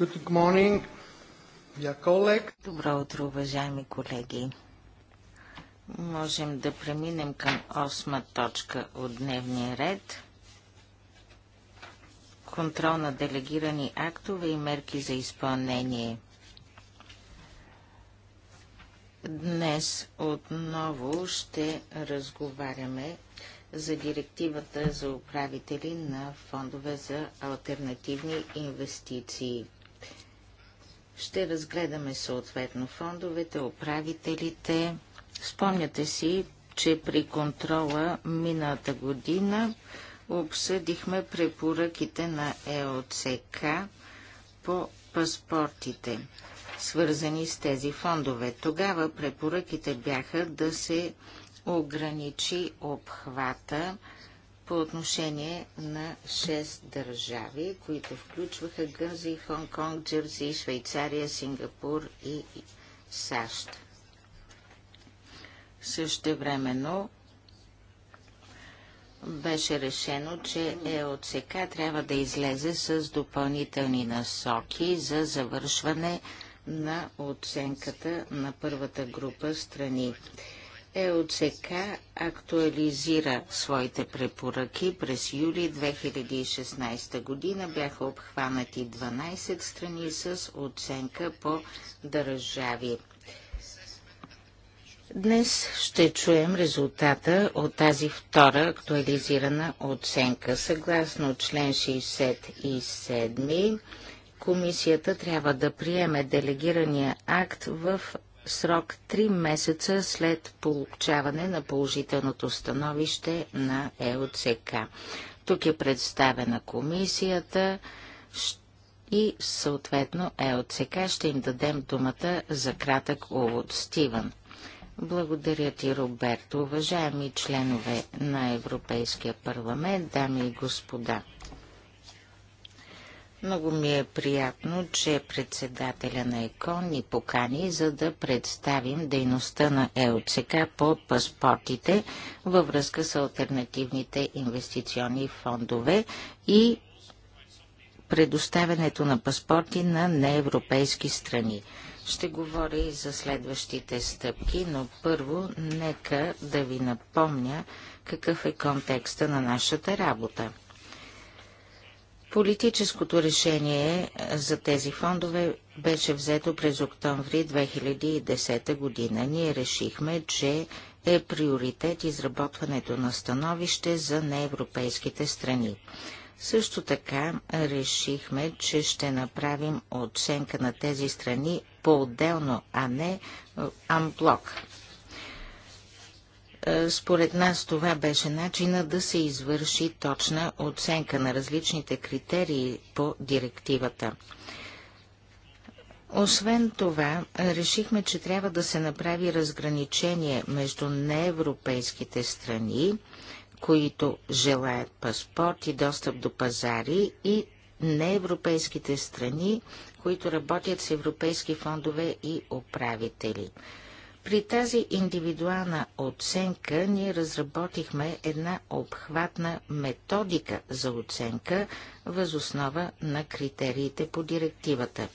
Good morning, Добро утро, уважаеми колеги. Можем да преминем към осма точка от дневния ред. Контрол на делегирани актове и мерки за изпълнение. Днес отново ще разговаряме за директивата за управители на фондове за альтернативни инвестиции – ще разгледаме съответно фондовете, управителите. Спомняте си, че при контрола миналата година обсъдихме препоръките на ЕОЦК по паспортите, свързани с тези фондове. Тогава препоръките бяха да се ограничи обхвата по отношение на 6 държави, които включваха Гънзи, Хонг-Конг, Джерси, Швейцария, Сингапур и САЩ. Същевременно беше решено, че ЕОЦК трябва да излезе с допълнителни насоки за завършване на оценката на първата група страни. ЕОЦК актуализира своите препоръки през юли 2016 година. Бяха обхванати 12 страни с оценка по държави. Днес ще чуем резултата от тази втора актуализирана оценка. Съгласно член 67, комисията трябва да приеме делегирания акт в срок 3 месеца след получаване на положителното становище на ЕОЦК. Тук е представена комисията и съответно ЕОЦК ще им дадем думата за кратък увод. Стивън. Благодаря ти, Роберто. Уважаеми членове на Европейския парламент, дами и господа. Много ми е приятно, че председателя на ЕКОН ни покани, за да представим дейността на ЕОЦК по паспортите във връзка с альтернативните инвестиционни фондове и предоставянето на паспорти на неевропейски страни. Ще говоря и за следващите стъпки, но първо нека да ви напомня какъв е контекста на нашата работа. Политическото решение за тези фондове беше взето през октомври 2010 година. Ние решихме, че е приоритет изработването на становище за неевропейските страни. Също така решихме, че ще направим оценка на тези страни по-отделно, а не амблок. Е, според нас това беше начина да се извърши точна оценка на различните критерии по директивата. Освен това, решихме, че трябва да се направи разграничение между неевропейските страни, които желаят паспорт и достъп до пазари, и неевропейските страни, които работят с европейски фондове и управители. При тази индивидуална оценка ние разработихме една обхватна методика за оценка въз основа на критериите по директивата.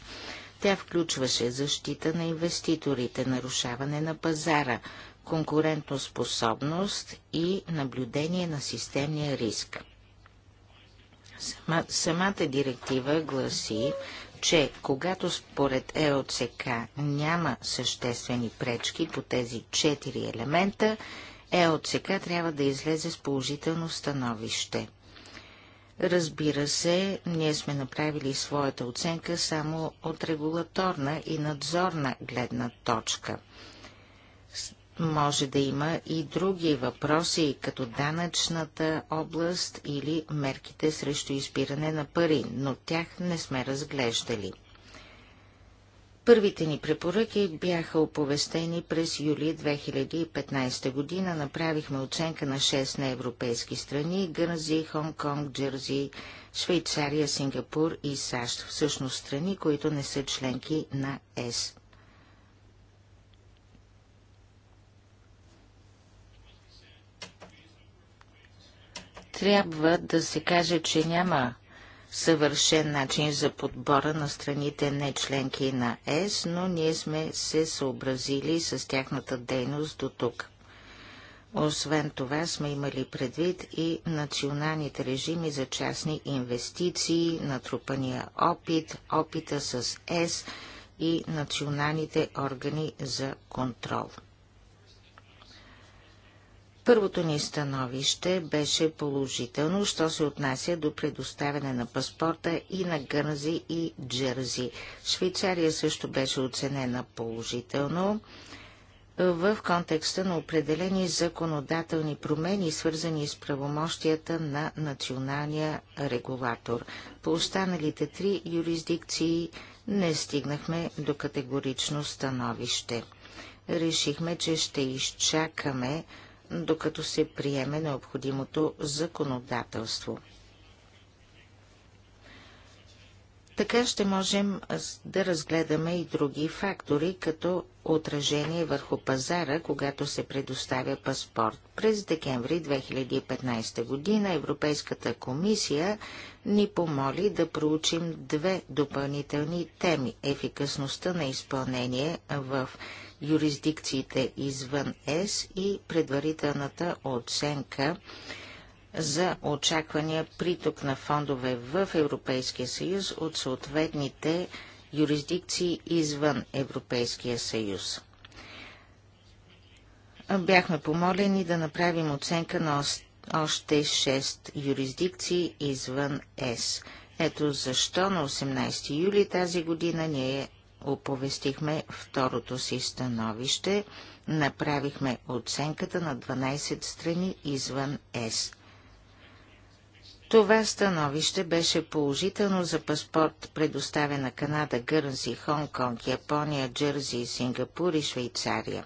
Тя включваше защита на инвеститорите, нарушаване на пазара, конкурентоспособност и наблюдение на системния риск. Сама, самата директива гласи, че когато според ЕОЦК няма съществени пречки по тези четири елемента, ЕОЦК трябва да излезе с положително становище. Разбира се, ние сме направили своята оценка само от регулаторна и надзорна гледна точка. Може да има и други въпроси, като данъчната област или мерките срещу изпиране на пари, но тях не сме разглеждали. Първите ни препоръки бяха оповестени през юли 2015 година. Направихме оценка на 6 на европейски страни – Гързи, Хонг-Конг, Джерзи, Швейцария, Сингапур и САЩ. Всъщност страни, които не са членки на ЕС. трябва да се каже, че няма съвършен начин за подбора на страните не членки на ЕС, но ние сме се съобразили с тяхната дейност до тук. Освен това сме имали предвид и националните режими за частни инвестиции, натрупания опит, опита с ЕС и националните органи за контрол. Първото ни становище беше положително, що се отнася до предоставяне на паспорта и на Гързи и Джерзи. Швейцария също беше оценена положително в контекста на определени законодателни промени, свързани с правомощията на националния регулатор. По останалите три юрисдикции не стигнахме до категорично становище. Решихме, че ще изчакаме докато се приеме необходимото законодателство. Така ще можем да разгледаме и други фактори, като отражение върху пазара, когато се предоставя паспорт. През декември 2015 година Европейската комисия ни помоли да проучим две допълнителни теми – ефикасността на изпълнение в юрисдикциите извън ЕС и предварителната оценка за очаквания приток на фондове в Европейския съюз от съответните юрисдикции извън Европейския съюз. Бяхме помолени да направим оценка на още 6 юрисдикции извън ЕС. Ето защо на 18 юли тази година ние оповестихме второто си становище, направихме оценката на 12 страни извън ЕС. Това становище беше положително за паспорт, предоставен на Канада, Гърнси, Хонг-Конг, Япония, Джерзи, Сингапур и Швейцария.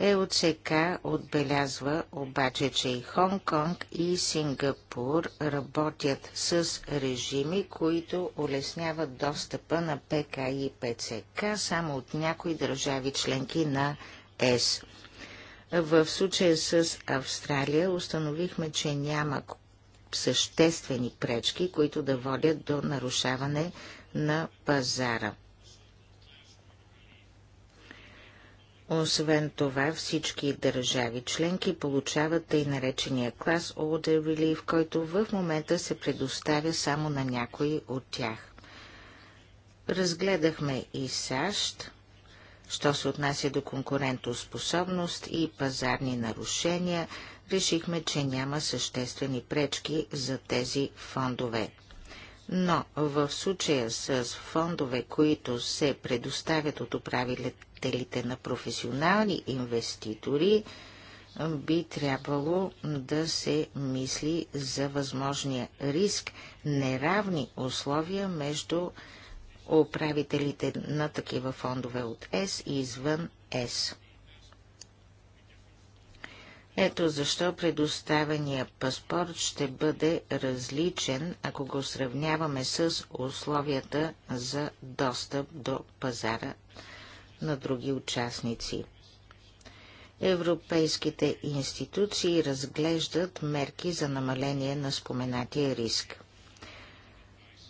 ЕОЦК отбелязва обаче, че и Хонг-Конг и Сингапур работят с режими, които улесняват достъпа на ПК и ПЦК само от някои държави членки на ЕС. В случая с Австралия установихме, че няма съществени пречки, които да водят до нарушаване на пазара. Освен това, всички държави членки получават тъй наречения клас Order Relief, който в момента се предоставя само на някои от тях. Разгледахме и САЩ, що се отнася до конкурентоспособност и пазарни нарушения, решихме, че няма съществени пречки за тези фондове. Но в случая с фондове, които се предоставят от представителите на професионални инвеститори би трябвало да се мисли за възможния риск неравни условия между управителите на такива фондове от С и извън С. Ето защо предоставения паспорт ще бъде различен, ако го сравняваме с условията за достъп до пазара на други участници. Европейските институции разглеждат мерки за намаление на споменатия риск.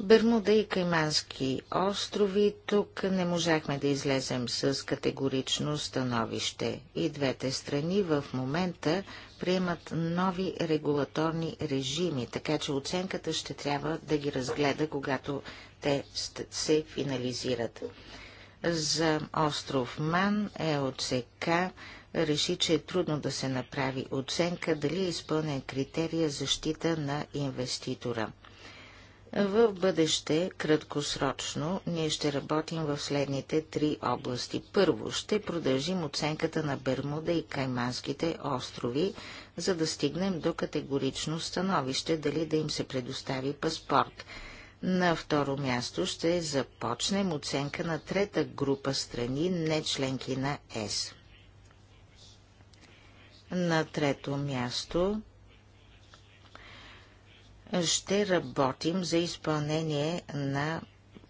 Бермуда и Каймански острови, тук не можахме да излезем с категорично становище. И двете страни в момента приемат нови регулаторни режими, така че оценката ще трябва да ги разгледа, когато те се финализират за остров Ман ЕОЦК реши, че е трудно да се направи оценка дали е изпълнен критерия защита на инвеститора. В бъдеще, краткосрочно, ние ще работим в следните три области. Първо, ще продължим оценката на Бермуда и Кайманските острови, за да стигнем до категорично становище дали да им се предостави паспорт – на второ място ще започнем оценка на трета група страни, не членки на ЕС. На трето място ще работим за изпълнение на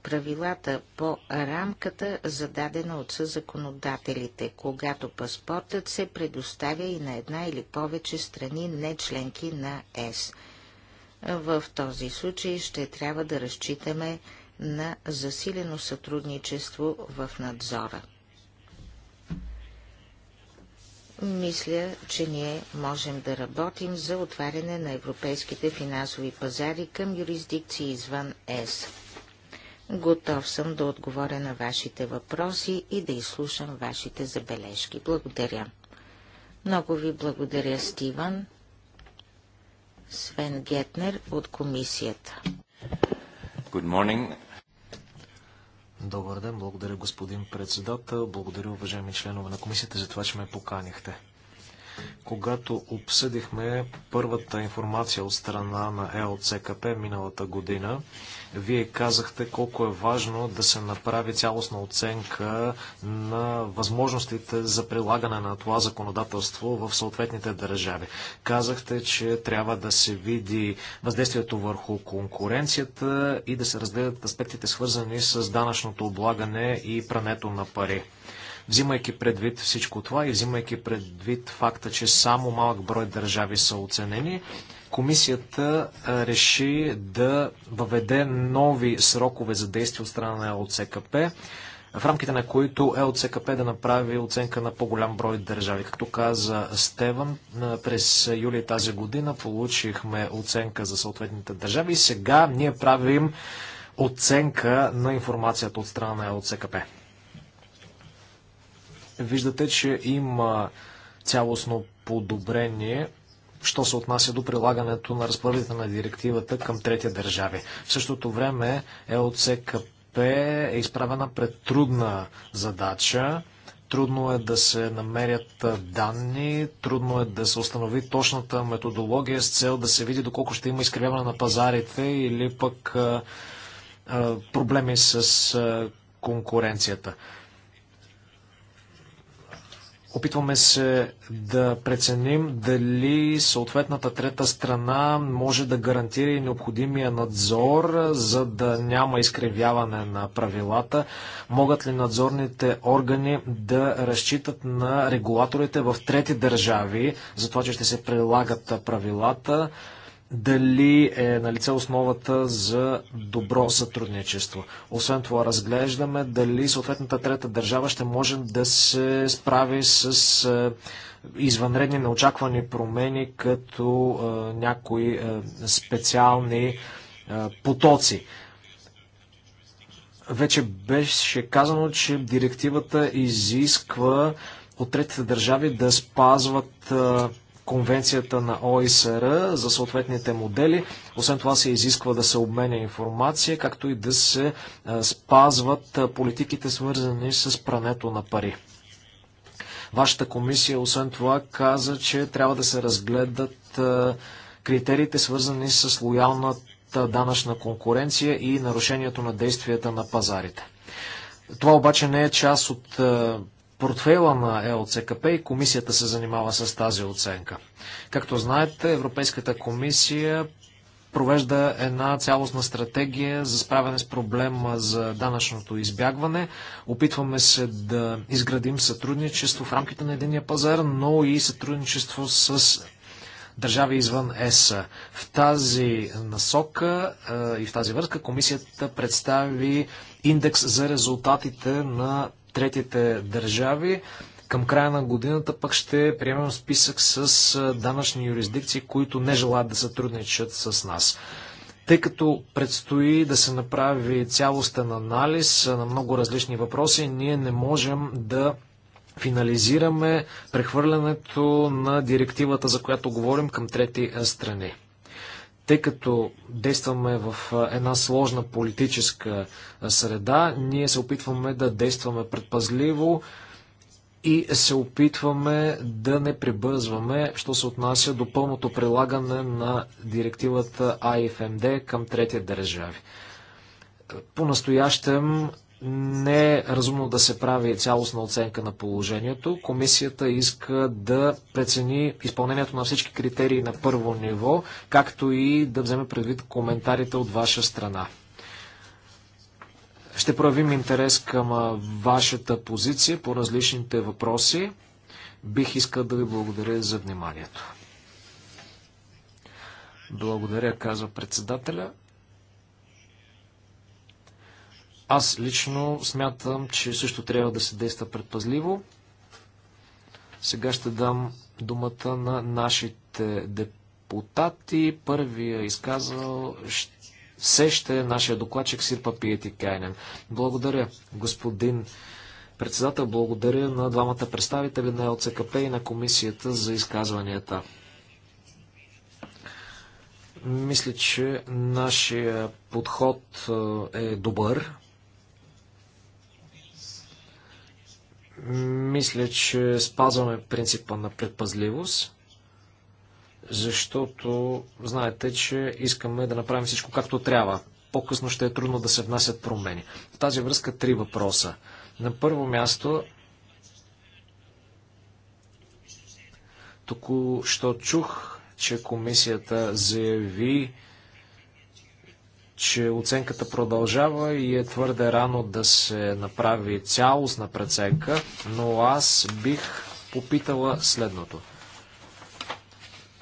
правилата по рамката, зададена от съзаконодателите, когато паспортът се предоставя и на една или повече страни, не членки на ЕС. В този случай ще трябва да разчитаме на засилено сътрудничество в надзора. Мисля, че ние можем да работим за отваряне на европейските финансови пазари към юрисдикции извън ЕС. Готов съм да отговоря на вашите въпроси и да изслушам вашите забележки. Благодаря. Много ви благодаря, Стиван. Свен Гетнер от комисията. Good morning. Добър ден, благодаря господин председател, благодаря уважаеми членове на комисията за това, че ме поканихте когато обсъдихме първата информация от страна на ЕОЦКП миналата година. Вие казахте колко е важно да се направи цялостна оценка на възможностите за прилагане на това законодателство в съответните държави. Казахте, че трябва да се види въздействието върху конкуренцията и да се разгледат аспектите свързани с данъчното облагане и прането на пари. Взимайки предвид всичко това и взимайки предвид факта, че само малък брой държави са оценени, комисията реши да въведе нови срокове за действие от страна на ЛЦКП, в рамките на които ЛЦКП да направи оценка на по-голям брой държави. Както каза Стеван, през юли тази година получихме оценка за съответните държави и сега ние правим оценка на информацията от страна на ЛЦКП. Виждате, че има цялостно подобрение, що се отнася до прилагането на разпоредбите на директивата към третия държави. В същото време ЛЦКП е, е изправена пред трудна задача. Трудно е да се намерят данни, трудно е да се установи точната методология с цел да се види доколко ще има изкривяване на пазарите или пък проблеми с конкуренцията. Опитваме се да преценим дали съответната трета страна може да гарантира и необходимия надзор, за да няма изкривяване на правилата. Могат ли надзорните органи да разчитат на регулаторите в трети държави за това, че ще се прилагат правилата? дали е на лице основата за добро сътрудничество. Освен това, разглеждаме дали съответната трета държава ще може да се справи с е, извънредни неочаквани промени, като е, някои е, специални потоци. Вече беше казано, че директивата изисква от третите държави да спазват конвенцията на ОИСР за съответните модели. Освен това се изисква да се обменя информация, както и да се е, спазват е, политиките свързани с прането на пари. Вашата комисия, освен това, каза, че трябва да се разгледат е, критериите свързани с лоялната данъчна конкуренция и нарушението на действията на пазарите. Това обаче не е част от портфейла на ЕОЦКП и комисията се занимава с тази оценка. Както знаете, Европейската комисия провежда една цялостна стратегия за справяне с проблема за данъчното избягване. Опитваме се да изградим сътрудничество в рамките на единия пазар, но и сътрудничество с държави извън ЕС. В тази насока и в тази връзка комисията представи индекс за резултатите на третите държави. Към края на годината пък ще приемем списък с данъчни юрисдикции, които не желаят да сътрудничат с нас. Тъй като предстои да се направи цялостен анализ на много различни въпроси, ние не можем да финализираме прехвърлянето на директивата, за която говорим към трети страни. Тъй като действаме в една сложна политическа среда, ние се опитваме да действаме предпазливо и се опитваме да не прибързваме, що се отнася до пълното прилагане на директивата АИФМД към третия държави. По-настоящем не е разумно да се прави цялостна оценка на положението. Комисията иска да прецени изпълнението на всички критерии на първо ниво, както и да вземе предвид коментарите от ваша страна. Ще проявим интерес към вашата позиция по различните въпроси. Бих искал да ви благодаря за вниманието. Благодаря, казва председателя. Аз лично смятам, че също трябва да се действа предпазливо. Сега ще дам думата на нашите депутати. Първия изказал се ще е нашия докладчик Сирпа Пиети Кайнен. Благодаря, господин председател. Благодаря на двамата представители на ЛЦКП и на комисията за изказванията. Мисля, че нашия подход е, е добър Мисля, че спазваме принципа на предпазливост, защото знаете, че искаме да направим всичко както трябва. По-късно ще е трудно да се внасят промени. В тази връзка три въпроса. На първо място, току-що чух, че комисията заяви, че оценката продължава и е твърде рано да се направи цялостна преценка, но аз бих попитала следното.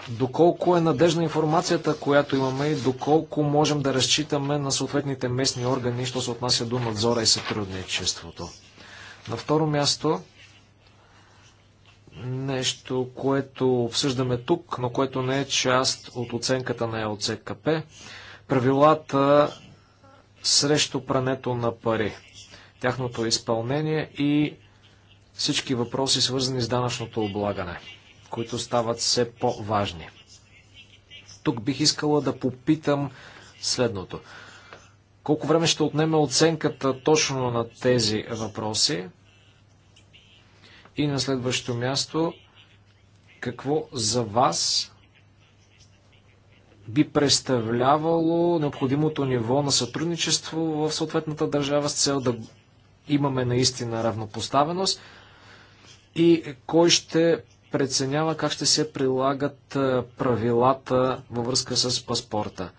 Доколко е надежна информацията, която имаме и доколко можем да разчитаме на съответните местни органи, що се отнася до надзора и сътрудничеството. На второ място, нещо, което обсъждаме тук, но което не е част от оценката на ЛЦКП, правилата срещу прането на пари, тяхното изпълнение и всички въпроси, свързани с данъчното облагане, които стават все по-важни. Тук бих искала да попитам следното. Колко време ще отнеме оценката точно на тези въпроси? И на следващото място, какво за вас би представлявало необходимото ниво на сътрудничество в съответната държава с цел да имаме наистина равнопоставеност и кой ще преценява как ще се прилагат правилата във връзка с паспорта.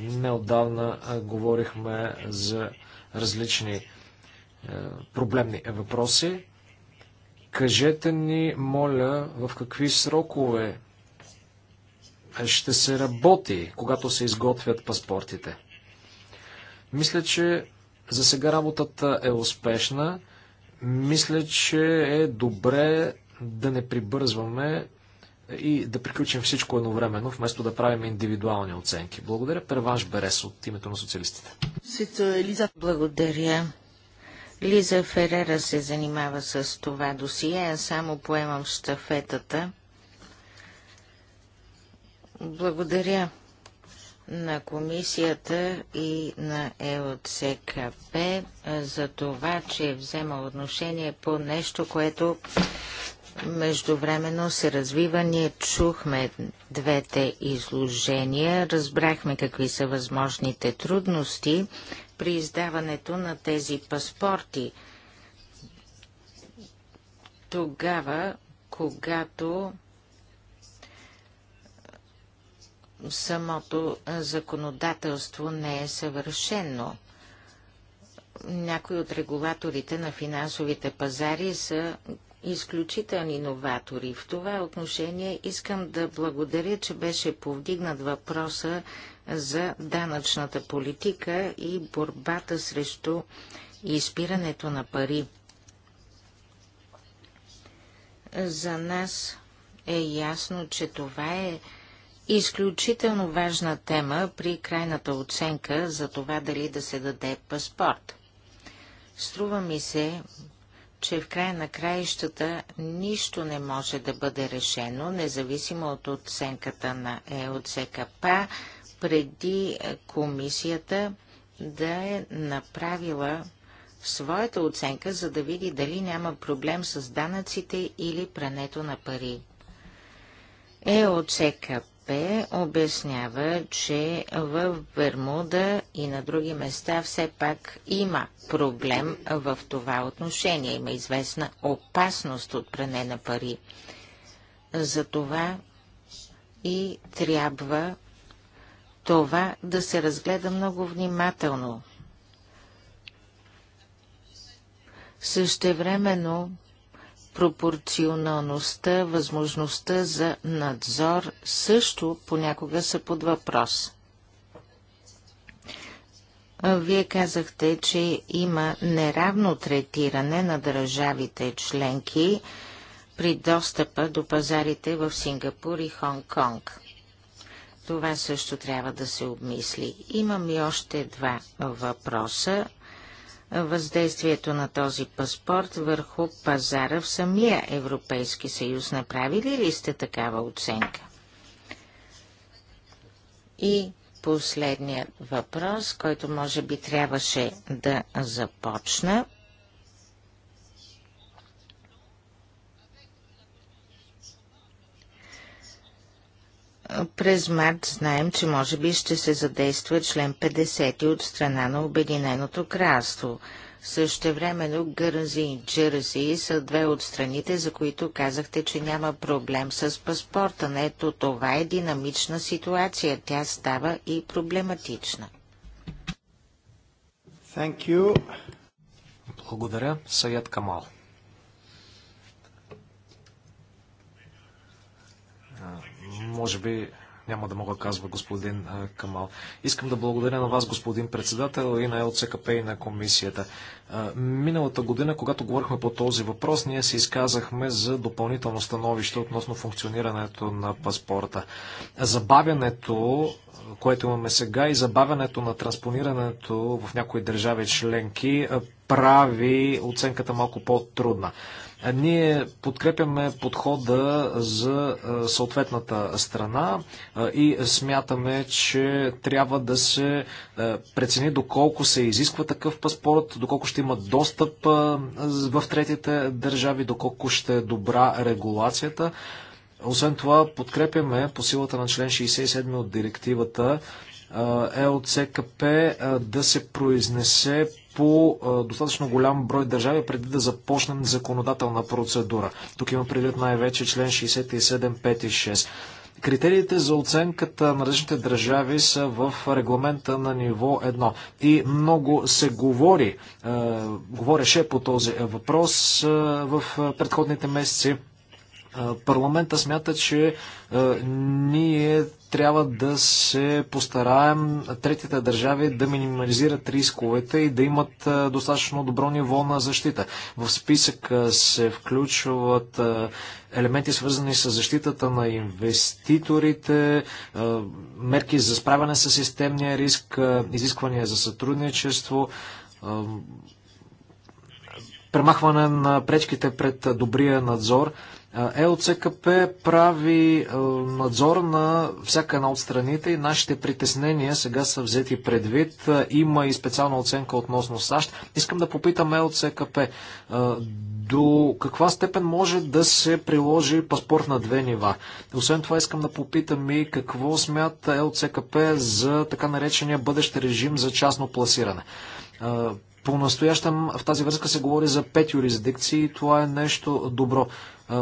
Неодавна говорихме за различни проблемни въпроси. Кажете ни, моля, в какви срокове ще се работи, когато се изготвят паспортите. Мисля, че за сега работата е успешна. Мисля, че е добре да не прибързваме и да приключим всичко едновременно, вместо да правим индивидуални оценки. Благодаря, Перваш Берес от името на социалистите. Благодаря. Лиза Ферера се занимава с това досие, а само поемам штафетата. Благодаря на комисията и на ЕОЦКП за това, че е взема отношение по нещо, което междувременно се развива. Ние чухме двете изложения, разбрахме какви са възможните трудности при издаването на тези паспорти. Тогава, когато самото законодателство не е съвършено. Някои от регулаторите на финансовите пазари са изключителни новатори. В това отношение искам да благодаря, че беше повдигнат въпроса за данъчната политика и борбата срещу изпирането на пари. За нас е ясно, че това е Изключително важна тема при крайната оценка за това дали да се даде паспорт. Струва ми се, че в края на краищата нищо не може да бъде решено, независимо от оценката на ЕОЦКП, преди е, комисията да е направила своята оценка, за да види дали няма проблем с данъците или прането на пари. ЕОЦКП Пепе обяснява, че в Бермуда и на други места все пак има проблем в това отношение. Има известна опасност от пране на пари. Затова и трябва това да се разгледа много внимателно. Същевременно пропорционалността, възможността за надзор също понякога са под въпрос. Вие казахте, че има неравно третиране на държавите членки при достъпа до пазарите в Сингапур и Хонг-Конг. Това също трябва да се обмисли. Имам и още два въпроса въздействието на този паспорт върху пазара в самия Европейски съюз. Направили ли сте такава оценка? И последният въпрос, който може би трябваше да започна. През март знаем, че може би ще се задейства член 50 от страна на Обединеното кралство. Същевременно Гързи и Джерзи са две от страните, за които казахте, че няма проблем с паспорта. Не, ето това е динамична ситуация. Тя става и проблематична. Thank you. Благодаря, Саят Камал. Може би няма да мога, казва господин Камал. Искам да благодаря на вас, господин председател, и на ЛЦКП и на комисията. Миналата година, когато говорихме по този въпрос, ние се изказахме за допълнително становище относно функционирането на паспорта. Забавянето, което имаме сега и забавянето на транспонирането в някои държави членки прави оценката малко по-трудна. Ние подкрепяме подхода за съответната страна и смятаме, че трябва да се прецени доколко се изисква такъв паспорт, доколко ще има достъп в третите държави, доколко ще е добра регулацията. Освен това, подкрепяме по силата на член 67 от директивата ЛЦКП да се произнесе по достатъчно голям брой държави преди да започнем законодателна процедура. Тук има предвид най-вече член 67, 5 и 6. Критериите за оценката на различните държави са в регламента на ниво 1. И много се говори, е, говореше по този въпрос е, в предходните месеци. Парламента смята, че ние трябва да се постараем третите държави да минимализират рисковете и да имат достатъчно добро ниво на защита. В списък се включват елементи свързани с защитата на инвеститорите, мерки за справяне с системния риск, изисквания за сътрудничество, премахване на пречките пред добрия надзор – ЕОЦКП прави надзор на всяка една от страните и нашите притеснения сега са взети предвид. Има и специална оценка относно САЩ. Искам да попитам ЕОЦКП до каква степен може да се приложи паспорт на две нива. Освен това искам да попитам и какво смята ЕОЦКП за така наречения бъдещ режим за частно пласиране по-настоящем в тази връзка се говори за пет юрисдикции и това е нещо добро.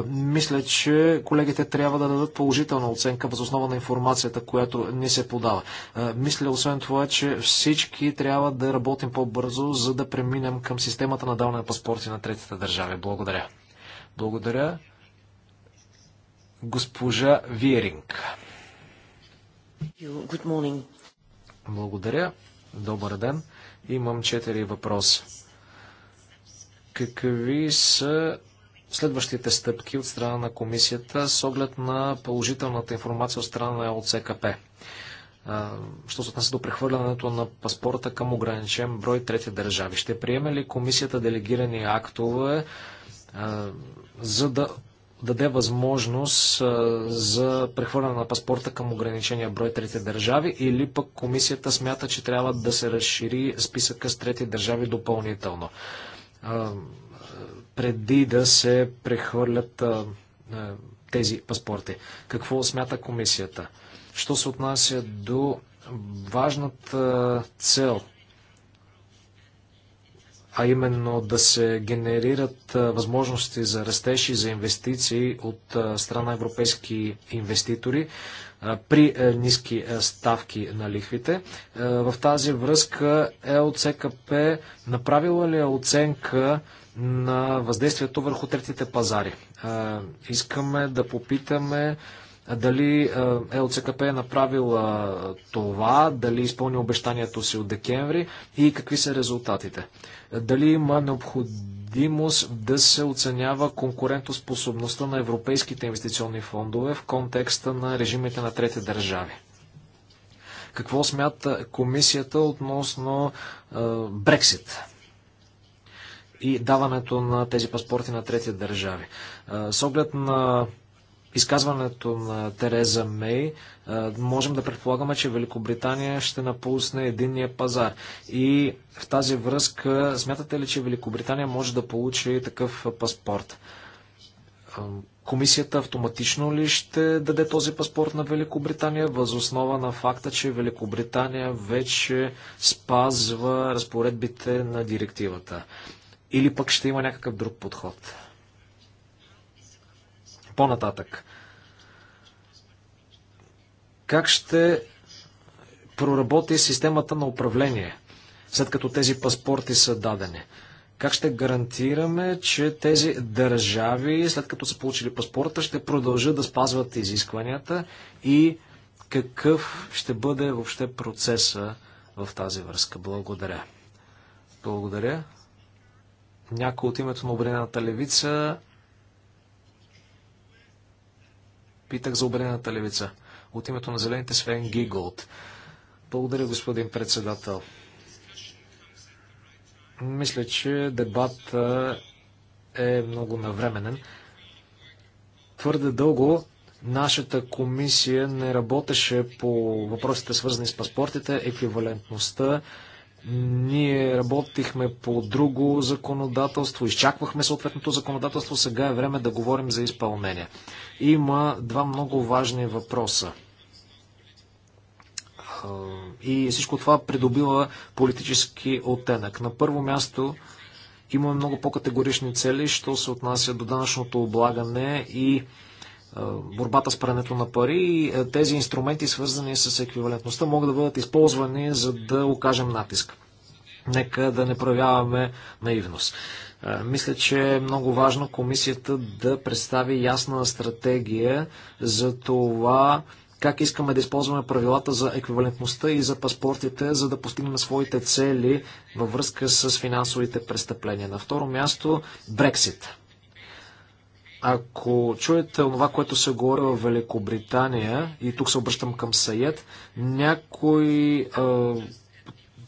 Мисля, че колегите трябва да дадат положителна оценка въз основа на информацията, която ни се подава. Мисля, освен това, че всички трябва да работим по-бързо, за да преминем към системата на даване на паспорти на третите държави. Благодаря. Благодаря. Госпожа Виеринг. Благодаря. Добър ден. Имам четири въпроса. Какви са следващите стъпки от страна на комисията с оглед на положителната информация от страна на ЛЦКП? що се отнася до прехвърлянето на паспорта към ограничен брой трети държави. Ще приеме ли комисията делегирани актове, за да даде възможност за прехвърляне на паспорта към ограничения брой трети държави или пък комисията смята, че трябва да се разшири списъка с трети държави допълнително преди да се прехвърлят тези паспорти. Какво смята комисията? Що се отнася до важната цел а именно да се генерират възможности за растеж и за инвестиции от страна европейски инвеститори при ниски ставки на лихвите. В тази връзка ЕОЦКП направила ли е оценка на въздействието върху третите пазари? Искаме да попитаме дали ЛЦКП е, е направил това, дали е изпълни обещанието си от декември и какви са резултатите. Дали има необходимост да се оценява конкурентоспособността на европейските инвестиционни фондове в контекста на режимите на трети държави. Какво смята комисията относно Брексит? и даването на тези паспорти на трети държави. С оглед на изказването на Тереза Мей, можем да предполагаме, че Великобритания ще напусне единния пазар. И в тази връзка, смятате ли, че Великобритания може да получи такъв паспорт? Комисията автоматично ли ще даде този паспорт на Великобритания, възоснова на факта, че Великобритания вече спазва разпоредбите на директивата? Или пък ще има някакъв друг подход? по-нататък. Как ще проработи системата на управление, след като тези паспорти са дадени? Как ще гарантираме, че тези държави, след като са получили паспорта, ще продължат да спазват изискванията и какъв ще бъде въобще процеса в тази връзка? Благодаря. Благодаря. Някой от името на Обединената левица Питах за обедената левица. От името на зелените Свен Гиголд. Благодаря, господин председател. Мисля, че дебат е много навременен. Твърде дълго нашата комисия не работеше по въпросите свързани с паспортите, еквивалентността, ние работихме по друго законодателство, изчаквахме съответното законодателство, сега е време да говорим за изпълнение. Има два много важни въпроса. И всичко това придобива политически оттенък. На първо място имаме много по-категорични цели, що се отнася до данъчното облагане и борбата с прането на пари, тези инструменти, свързани с еквивалентността, могат да бъдат използвани, за да окажем натиск. Нека да не проявяваме наивност. Мисля, че е много важно комисията да представи ясна стратегия за това как искаме да използваме правилата за еквивалентността и за паспортите, за да постигнем своите цели във връзка с финансовите престъпления. На второ място, Брексит. Ако чуете това, което се говори в Великобритания, и тук се обръщам към Саед, някои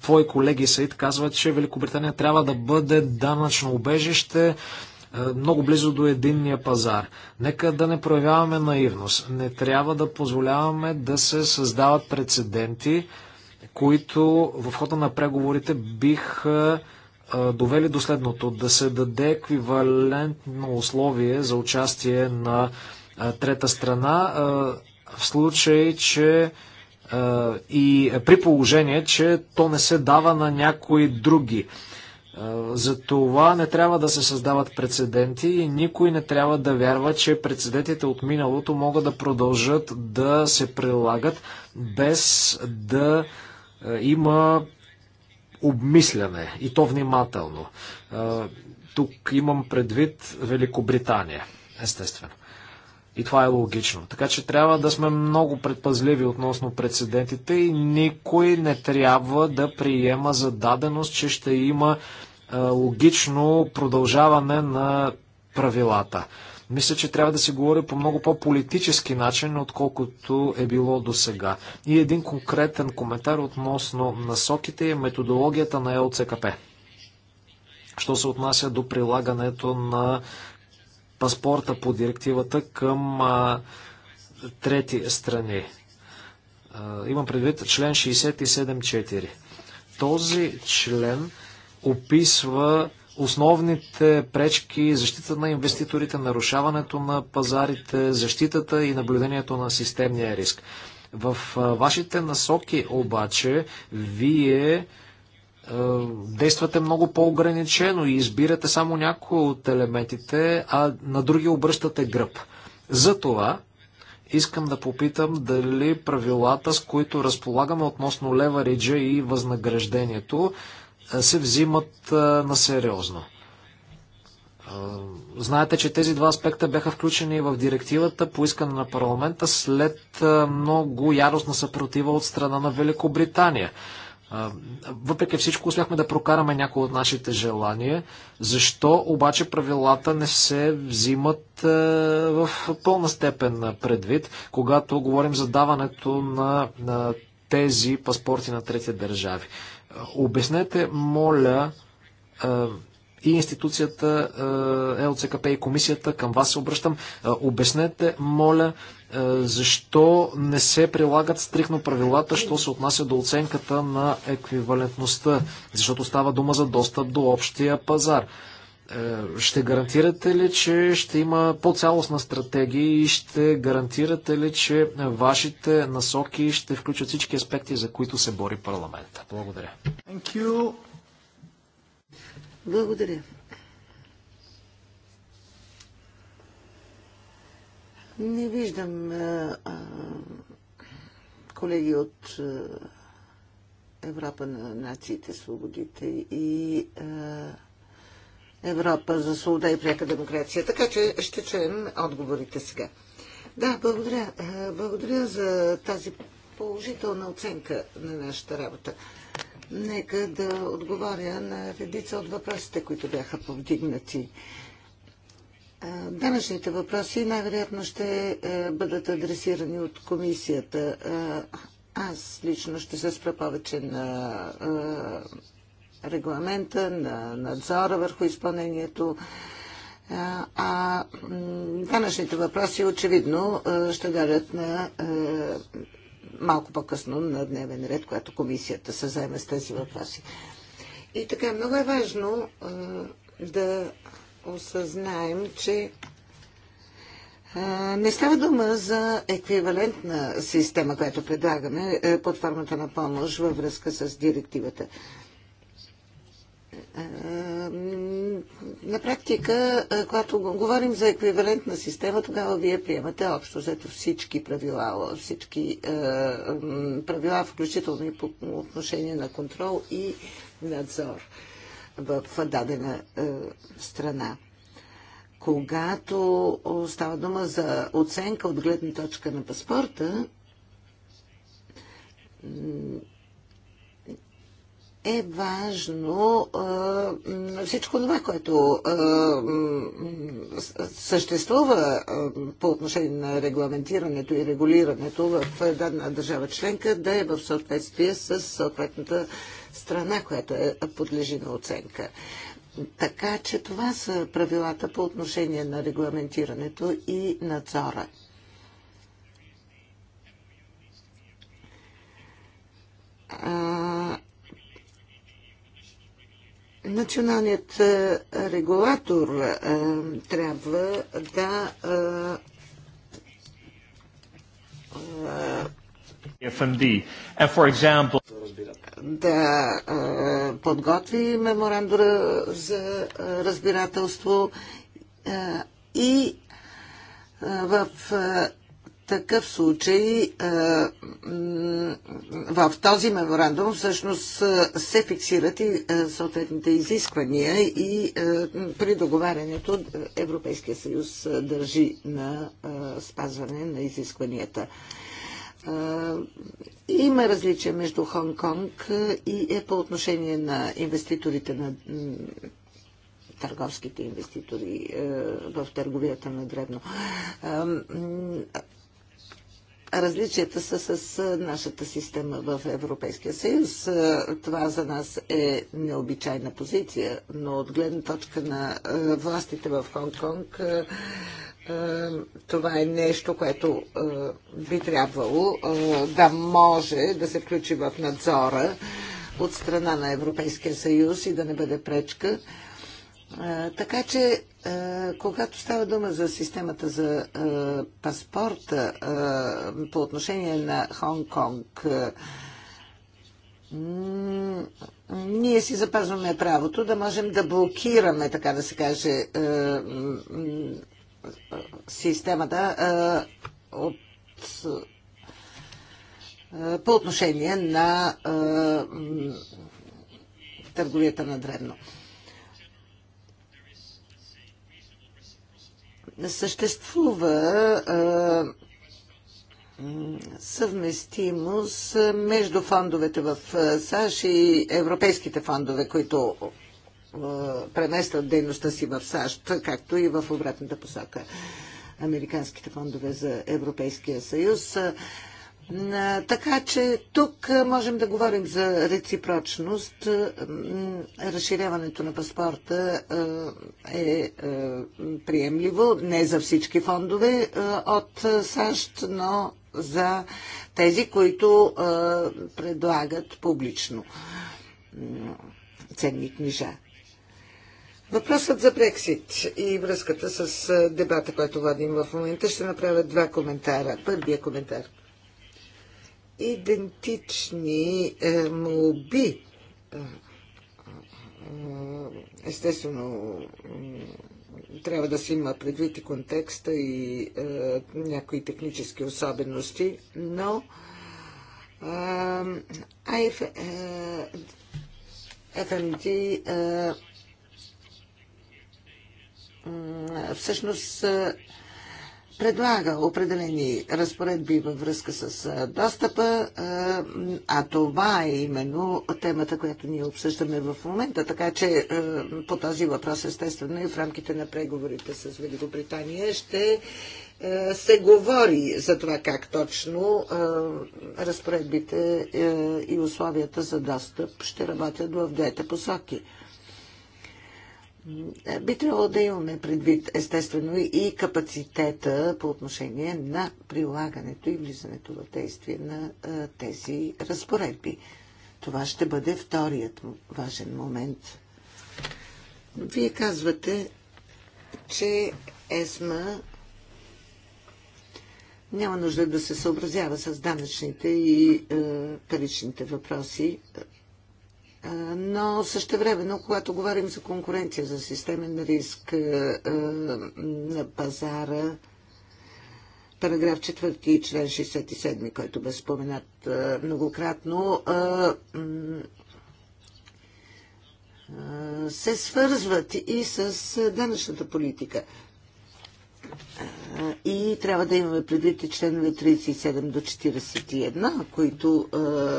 твои колеги Саид казват, че Великобритания трябва да бъде данъчно убежище много близо до единния пазар. Нека да не проявяваме наивност. Не трябва да позволяваме да се създават прецеденти, които в хода на преговорите биха довели до следното да се даде еквивалентно условие за участие на трета страна в случай, че и при положение, че то не се дава на някои други. За това не трябва да се създават прецеденти и никой не трябва да вярва, че прецедентите от миналото могат да продължат да се прилагат без да има обмисляне и то внимателно. Тук имам предвид Великобритания, естествено. И това е логично. Така че трябва да сме много предпазливи относно прецедентите и никой не трябва да приема за даденост, че ще има логично продължаване на правилата. Мисля, че трябва да се говори по много по-политически начин, отколкото е било до сега. И един конкретен коментар относно насоките и методологията на ЛЦКП. Що се отнася до прилагането на паспорта по директивата към а, трети страни. А, имам предвид член 67.4. Този член описва основните пречки, защита на инвеститорите, нарушаването на пазарите, защитата и наблюдението на системния риск. В вашите насоки обаче вие действате много по-ограничено и избирате само някои от елементите, а на други обръщате гръб. Затова искам да попитам дали правилата, с които разполагаме относно левариджа и възнаграждението, е, се взимат е, на сериозно. Е, знаете, че тези два аспекта бяха включени в директивата по искане на парламента след много яростна съпротива от страна на Великобритания. Въпреки всичко успяхме да прокараме някои от нашите желания. Защо обаче правилата не се взимат в пълна степен предвид, когато говорим за даването на, на тези паспорти на трети държави? Обяснете, моля, и институцията ЛЦКП е и комисията, към вас се обръщам, обяснете, моля, защо не се прилагат стрикно правилата, що се отнася до оценката на еквивалентността, защото става дума за достъп до общия пазар. Е, ще гарантирате ли, че ще има по-цялостна стратегия и ще гарантирате ли, че вашите насоки ще включат всички аспекти, за които се бори парламента? Благодаря. Благодаря. Не виждам а, е, а, колеги от а, е, Европа на нациите, свободите и а, Европа за свобода и пряка демокрация. Така че ще чуем отговорите сега. Да, благодаря. Благодаря за тази положителна оценка на нашата работа. Нека да отговоря на редица от въпросите, които бяха повдигнати. Данъчните въпроси най-вероятно ще бъдат адресирани от комисията. Аз лично ще се спра повече на регламента, на надзора върху изпълнението. А данъчните въпроси очевидно ще дарят на малко по-късно на дневен ред, когато комисията се заеме с тези въпроси. И така, много е важно да осъзнаем, че не става дума за еквивалентна система, която предлагаме е, под формата на помощ във връзка с директивата. На практика, когато говорим за еквивалентна система, тогава вие приемате общо взето всички правила, всички правила, включително и по отношение на контрол и надзор в дадена страна. Когато става дума за оценка от гледна точка на паспорта, е важно а, всичко това, което а, съществува а, по отношение на регламентирането и регулирането в дадена държава членка, да е в съответствие с съответната страна, която е подлежи на оценка. Така че това са правилата по отношение на регламентирането и надзора. А, Националният е, регулатор е, трябва да е, FMD. And for example, да подготви меморандура за разбирателство и в такъв случай в този меморандум всъщност се фиксират и съответните изисквания и при договарянето Европейския съюз държи на спазване на изискванията. Има различия между Хонг-Конг и е по отношение на инвеститорите на търговските инвеститори в търговията на древно различията са с нашата система в Европейския съюз. Това за нас е необичайна позиция, но от гледна точка на властите в Хонг-Конг това е нещо, което би трябвало да може да се включи в надзора от страна на Европейския съюз и да не бъде пречка. Така че, когато става дума за системата за паспорта по отношение на Хонг-Конг, ние си запазваме правото да можем да блокираме, така да се каже, системата от по отношение на търговията на древно. съществува съвместимост между фондовете в САЩ и европейските фондове, които преместват дейността си в САЩ, както и в обратната посока. Американските фондове за Европейския съюз. Така че тук можем да говорим за реципрочност. Разширяването на паспорта е приемливо не за всички фондове от САЩ, но за тези, които предлагат публично ценни книжа. Въпросът за Брексит и връзката с дебата, който водим в момента, ще направя два коментара. Първия коментар – идентични е, молби. Е, е, естествено, трябва да се има предвид и контекста и е, някои технически особености, но е, е, е, всъщност е, предлага определени разпоредби във връзка с достъпа, а това е именно темата, която ние обсъждаме в момента, така че по този въпрос естествено и в рамките на преговорите с Великобритания ще се говори за това как точно разпоредбите и условията за достъп ще работят в двете посоки. Би трябвало да имаме предвид, естествено, и капацитета по отношение на прилагането и влизането в действие на тези разпоредби. Това ще бъде вторият важен момент. Вие казвате, че ЕСМА няма нужда да се съобразява с данъчните и е, паричните въпроси но също но когато говорим за конкуренция, за системен риск на пазара, параграф 4 и член 67, който бе споменат многократно, се свързват и с данъчната политика и трябва да имаме предвид и членове 37 до 41, които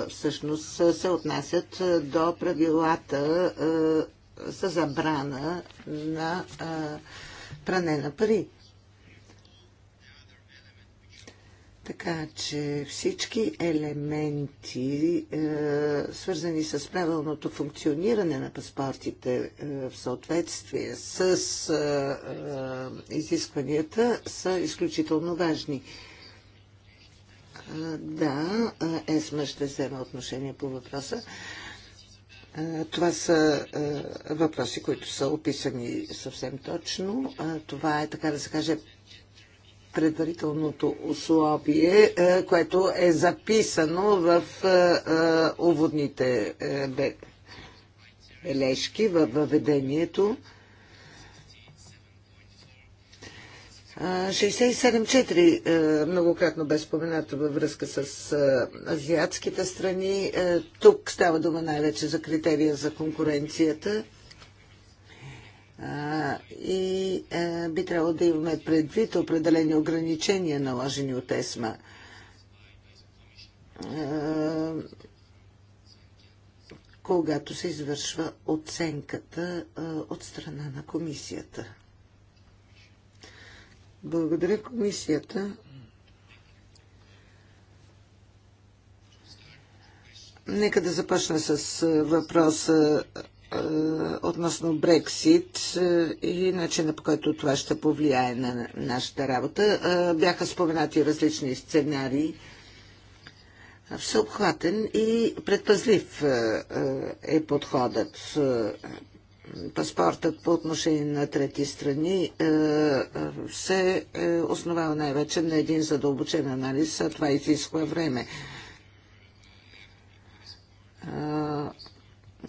всъщност се отнасят до правилата за забрана на пране на пари Така че всички елементи, е, свързани с правилното функциониране на паспортите е, в съответствие с е, е изискванията, са изключително важни. Е, да, е, ЕСМА ще взема отношение по въпроса. Това са въпроси, които са описани съвсем точно. Това е, така да се каже, предварителното условие, е, което е записано в е, е, уводните бележки, във въведението. 67.4 многократно бе споменато във връзка с азиатските страни. Тук става дума най-вече за критерия за конкуренцията и би трябвало да имаме предвид определени ограничения, наложени от ЕСМА. когато се извършва оценката от страна на комисията. Благодаря комисията. Нека да започна с въпроса е, относно Брексит е, и начина по който това ще повлияе на нашата работа. Е, бяха споменати различни сценарии. Всеобхватен и предпазлив е подходът. Паспортът по отношение на трети страни се основава най-вече на един задълбочен анализ, а това изисква време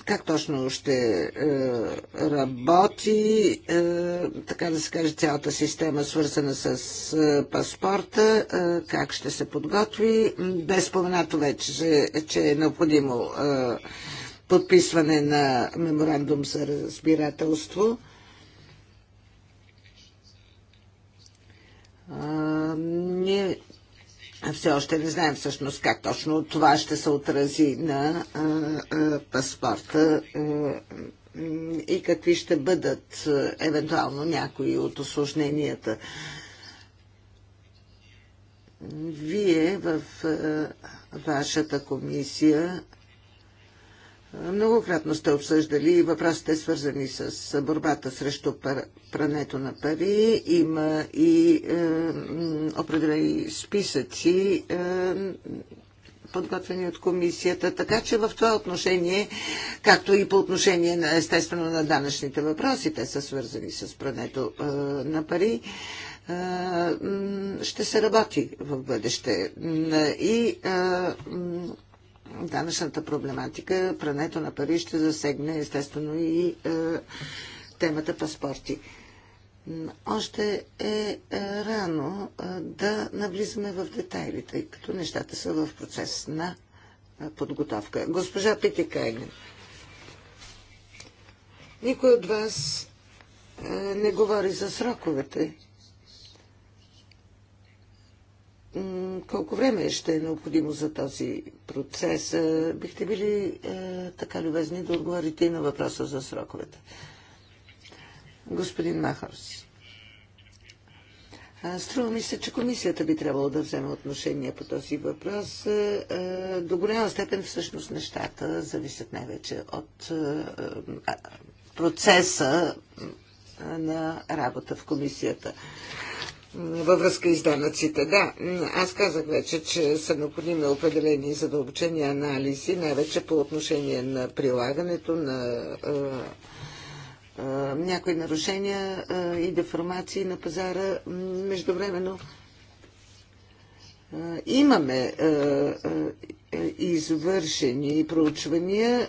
как точно ще е, работи, е, така да се каже, цялата система, свързана с е, паспорта, е, как ще се подготви. Бе споменато вече, че, че е необходимо е, подписване на меморандум за разбирателство. Е, ние все още не знаем всъщност как точно това ще се отрази на а, а, паспорта а, и какви ще бъдат а, евентуално някои от осложненията. Вие в а, вашата комисия Многократно сте обсъждали въпросите свързани с борбата срещу прането на пари. Има и е, определени списъци, е, подготвени от комисията. Така че в това отношение, както и по отношение на, естествено на данъчните въпроси, те са свързани с прането е, на пари, е, ще се работи в бъдеще. Е, и е, данъчната проблематика, прането на пари ще засегне естествено и е, темата паспорти. Още е, е рано е, да навлизаме в детайлите, тъй като нещата са в процес на е, подготовка. Госпожа Питикайнен, никой от вас не говори за сроковете. колко време ще е необходимо за този процес. Бихте били е, така любезни да отговорите и на въпроса за сроковете. Господин Махарс. Струва ми се, че комисията би трябвало да вземе отношение по този въпрос. До голяма степен всъщност нещата зависят най-вече от процеса на работа в комисията във връзка и с данъците. Да, аз казах вече, че са необходими определени задълбочени анализи, най-вече по отношение на прилагането на някои нарушения и деформации на пазара. Междувременно имаме извършени проучвания,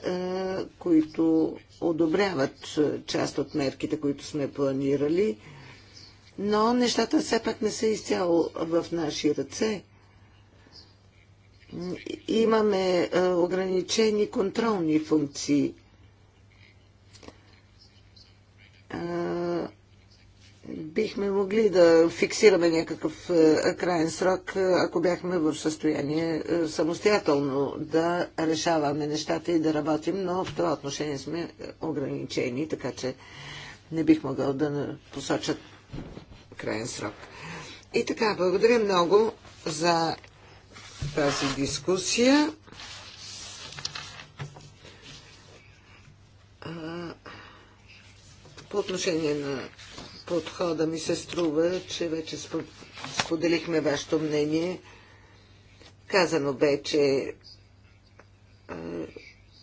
които одобряват част от мерките, които сме планирали но нещата все пак не са изцяло в наши ръце. Имаме е, ограничени контролни функции. Е, бихме могли да фиксираме някакъв е, крайен срок, ако бяхме в състояние самостоятелно да решаваме нещата и да работим, но в това отношение сме ограничени, така че не бих могъл да посоча крайен срок. И така, благодаря много за тази дискусия. По отношение на подхода ми се струва, че вече споделихме вашето мнение. Казано бе, че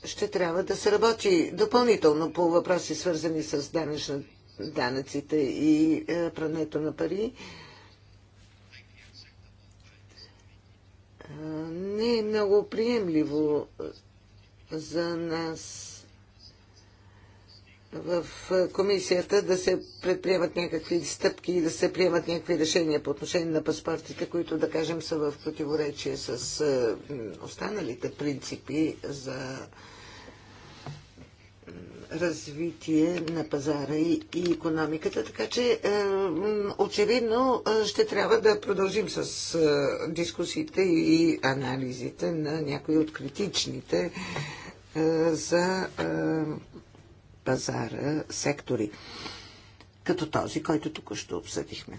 ще трябва да се работи допълнително по въпроси, свързани с данъчната данъците и е, прането на пари. Е, не е много приемливо за нас в комисията да се предприемат някакви стъпки и да се приемат някакви решения по отношение на паспортите, които да кажем са в противоречие с е, останалите принципи за развитие на пазара и, и економиката, така че е, очевидно е, ще трябва да продължим с е, дискусиите и анализите на някои от критичните е, за е, пазара сектори, като този, който тук ще обсъдихме.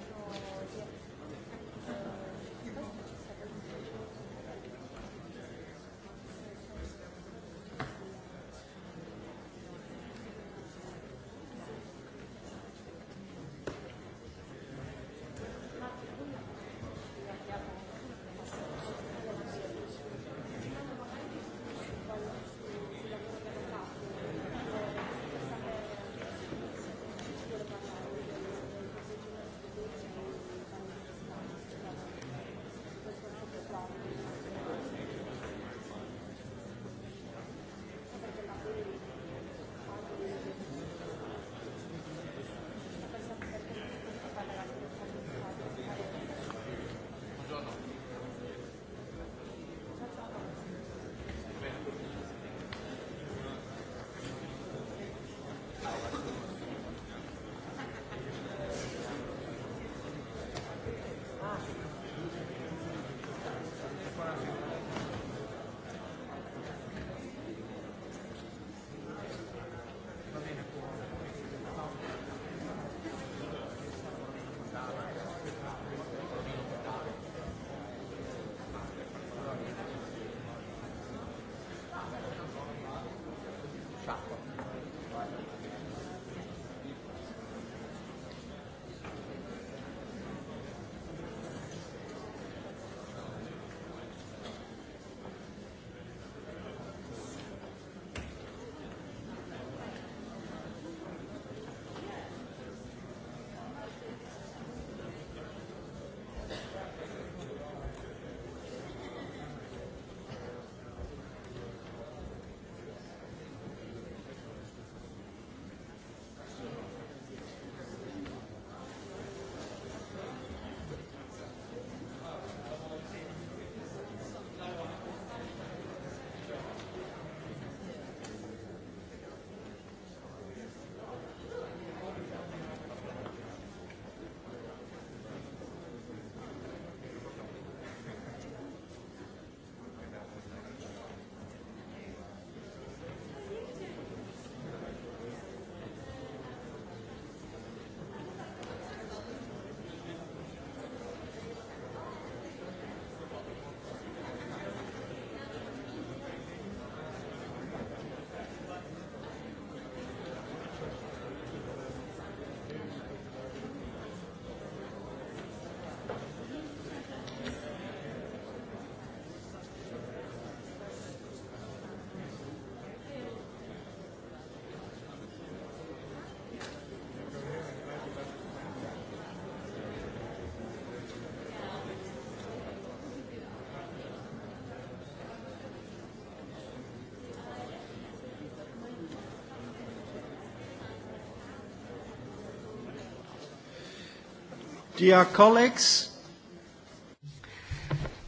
Dear colleagues,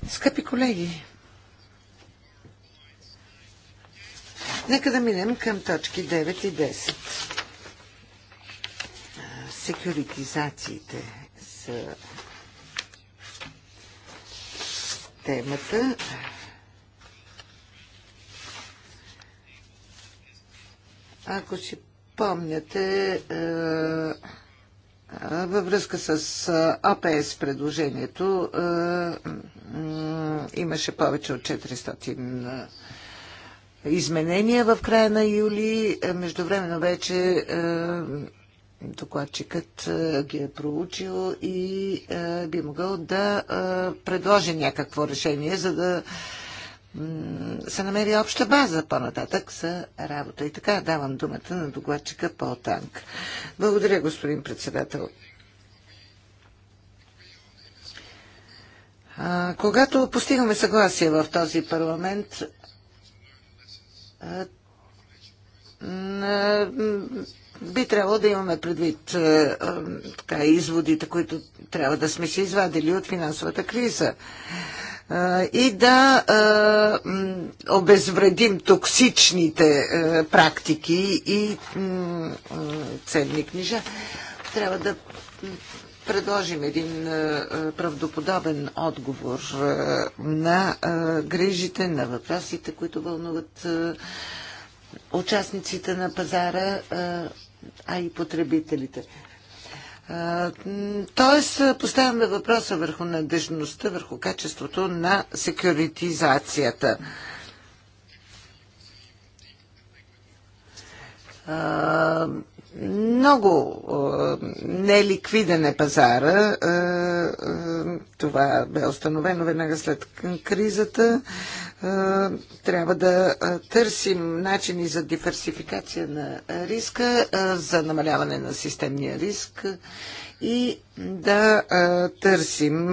Скъпи колеги, нека да минем към точки 9 и 10. Секюритизациите с. темата. Ако си помняте, е във връзка с АПС предложението имаше повече от 400 изменения в края на юли. Междувременно вече докладчикът ги е проучил и би могъл да предложи някакво решение, за да се намери обща база по-нататък за работа. И така давам думата на докладчика Пол Танк. Благодаря, господин председател. А, когато постигаме съгласие в този парламент, а, би трябвало да имаме предвид така, изводите, които трябва да сме се извадили от финансовата криза и да обезвредим токсичните практики и ценни книжа. Трябва да предложим един правдоподобен отговор на грижите, на въпросите, които вълнуват участниците на пазара, а и потребителите. Тоест, поставяме въпроса върху надежността, върху качеството на секюритизацията. Много неликвиден е пазара. Това бе установено веднага след кризата. Е, трябва да е, търсим начини за диверсификация на риска, е, за намаляване на системния риск и да търсим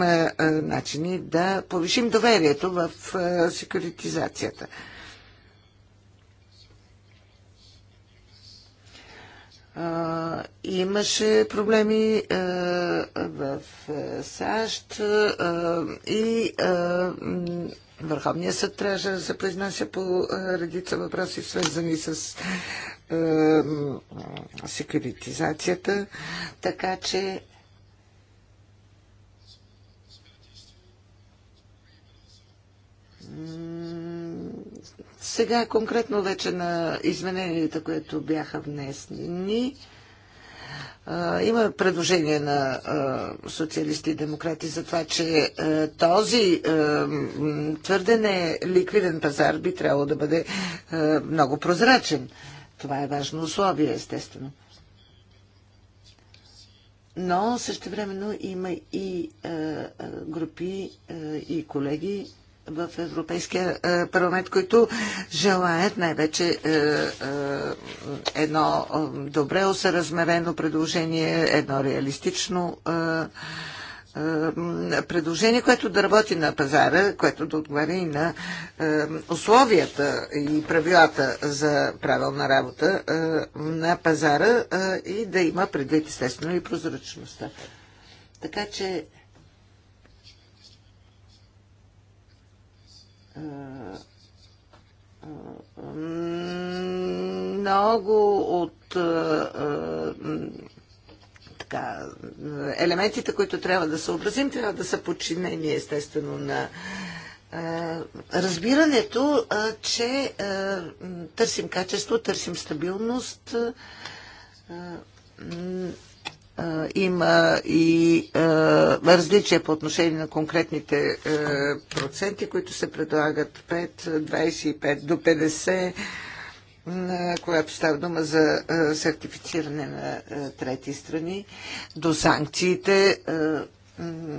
начини да повишим доверието в секюритизацията. имаше проблеми в САЩ и Върховният съд трябваше да се произнася по е, редица въпроси, свързани с е, Така че сега конкретно вече на измененията, които бяха внесени, има предложение на социалисти и демократи за това, че този твърде не ликвиден пазар би трябвало да бъде много прозрачен. Това е важно условие, естествено. Но същевременно има и групи и колеги, в Европейския е, парламент, които желаят най-вече е, е, едно добре осъразмерено предложение, едно реалистично предложение, което да работи на пазара, което да отговаря и на условията и правилата за правилна работа на пазара и да има предвид естествено и прозрачността. Така че много от така, елементите, които трябва да съобразим, трябва да са подчинени естествено на разбирането, че търсим качество, търсим стабилност има и различия по отношение на конкретните проценти, които се предлагат 5, 25 до 50 която става дума за сертифициране на трети страни, до санкциите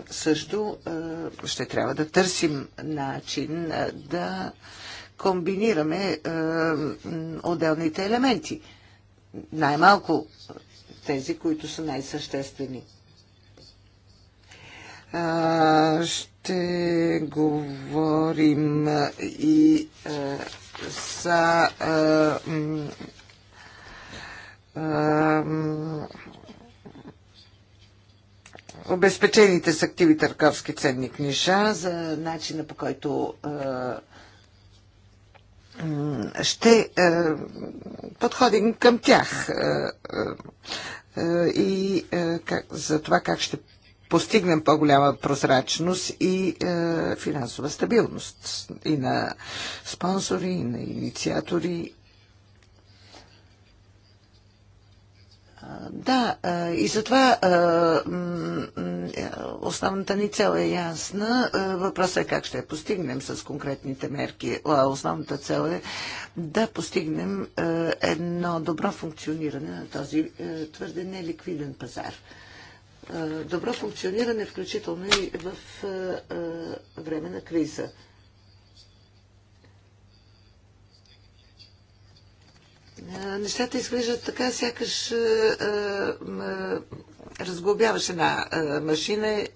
също ще трябва да търсим начин да комбинираме отделните елементи. Най-малко тези, които са най-съществени. Ще говорим и за обезпечените с активи търговски ценни книжа, за начина по който ще е, подходим към тях е, е, и за това как ще постигнем по-голяма прозрачност и финансова стабилност и на спонсори, и на инициатори, Да, и затова основната ни цел е ясна. Въпросът е как ще я постигнем с конкретните мерки. Основната цел е да постигнем едно добро функциониране на този твърде неликвиден пазар. Добро функциониране, включително и в време на криза. Е, нещата изглеждат така, сякаш е, е, разглобяваш една машина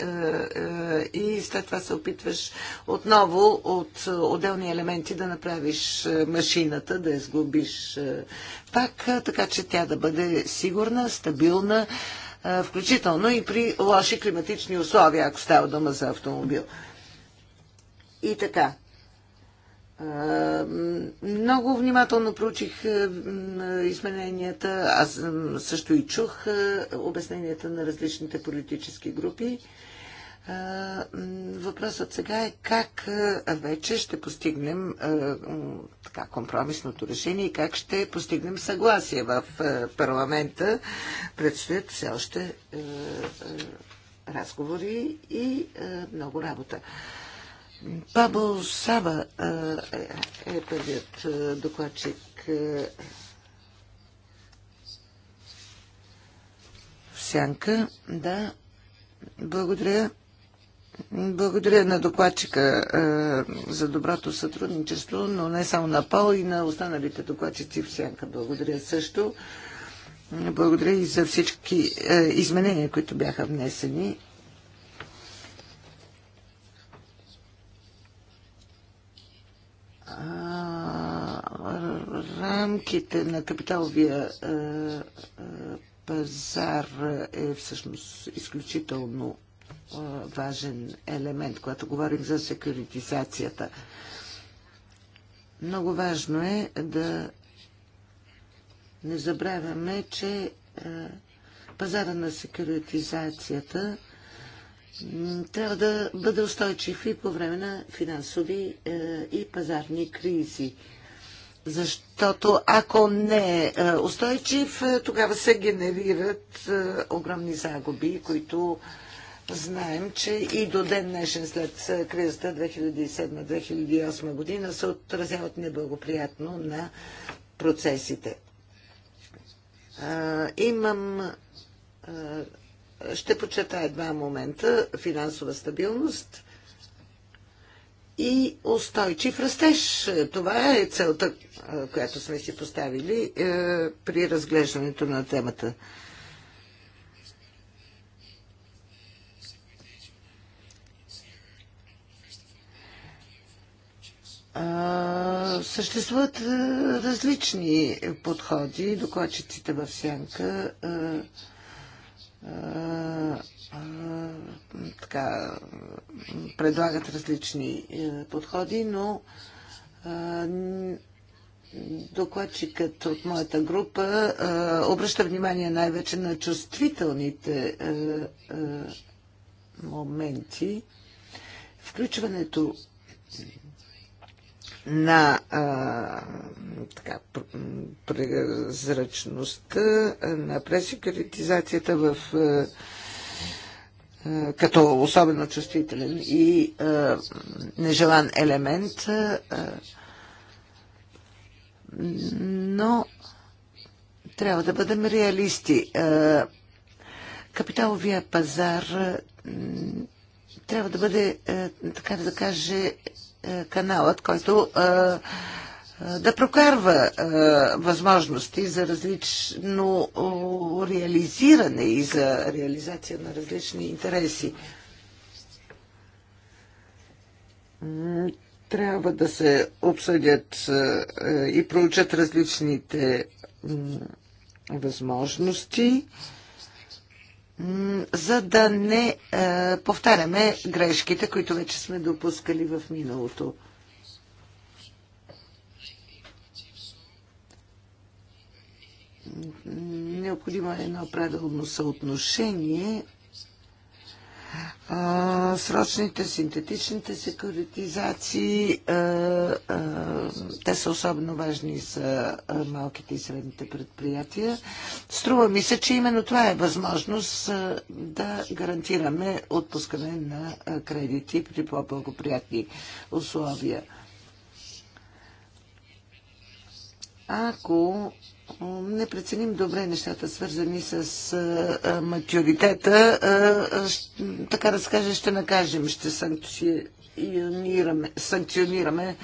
и след това се опитваш отново от отделни елементи да направиш машината, да я сглобиш пак, така че тя да бъде сигурна, стабилна, включително и при лоши климатични условия, ако става дума за автомобил. И така, много внимателно проучих измененията, аз също и чух обясненията на различните политически групи. Въпросът сега е как вече ще постигнем така, компромисното решение и как ще постигнем съгласие в парламента. Предстоят все още разговори и много работа. Пабло Сава е, е първият докладчик сянка. Да, благодаря. Благодаря на докладчика е, за доброто сътрудничество, но не само на Пал и на останалите докладчици в Сянка. Благодаря също. Благодаря и за всички е, изменения, които бяха внесени. рамките на капиталовия пазар е всъщност изключително важен елемент, когато говорим за секюритизацията. Много важно е да не забравяме, че пазара на секюритизацията трябва да бъде устойчив и по време на финансови е, и пазарни кризи. Защото ако не е, е устойчив, е, тогава се генерират огромни загуби, които знаем, че и до ден днешен след кризата 2007-2008 година се отразяват неблагоприятно на процесите. Имам ще почетая два момента финансова стабилност и устойчив растеж. Това е целта, която сме си поставили е, при разглеждането на темата. съществуват е, различни подходи. Докладчиците в сянка е, така, предлагат различни е, подходи, но докладчикът от моята група обръща внимание най-вече на чувствителните е, е, моменти. Включването на а, така, прозрачността, на пресекретизацията в а, като особено чувствителен и а, нежелан елемент, а, но трябва да бъдем реалисти. А, капиталовия пазар а, трябва да бъде, а, така да каже, е, каналът, който е, е, да прокарва възможности за различно реализиране и за реализация на различни интереси. Трябва да се обсъдят и проучат различните възможности за да не е, повтаряме грешките, които вече сме допускали в миналото. Необходимо е едно правилно съотношение срочните, синтетичните секуритизации. А, а, те са особено важни за малките и средните предприятия. Струва ми се, че именно това е възможност а, да гарантираме отпускане на а, кредити при по-благоприятни условия. Ако не преценим добре нещата, свързани с а, матюритета, така да се каже, ще накажем, ще санкционираме, санкционираме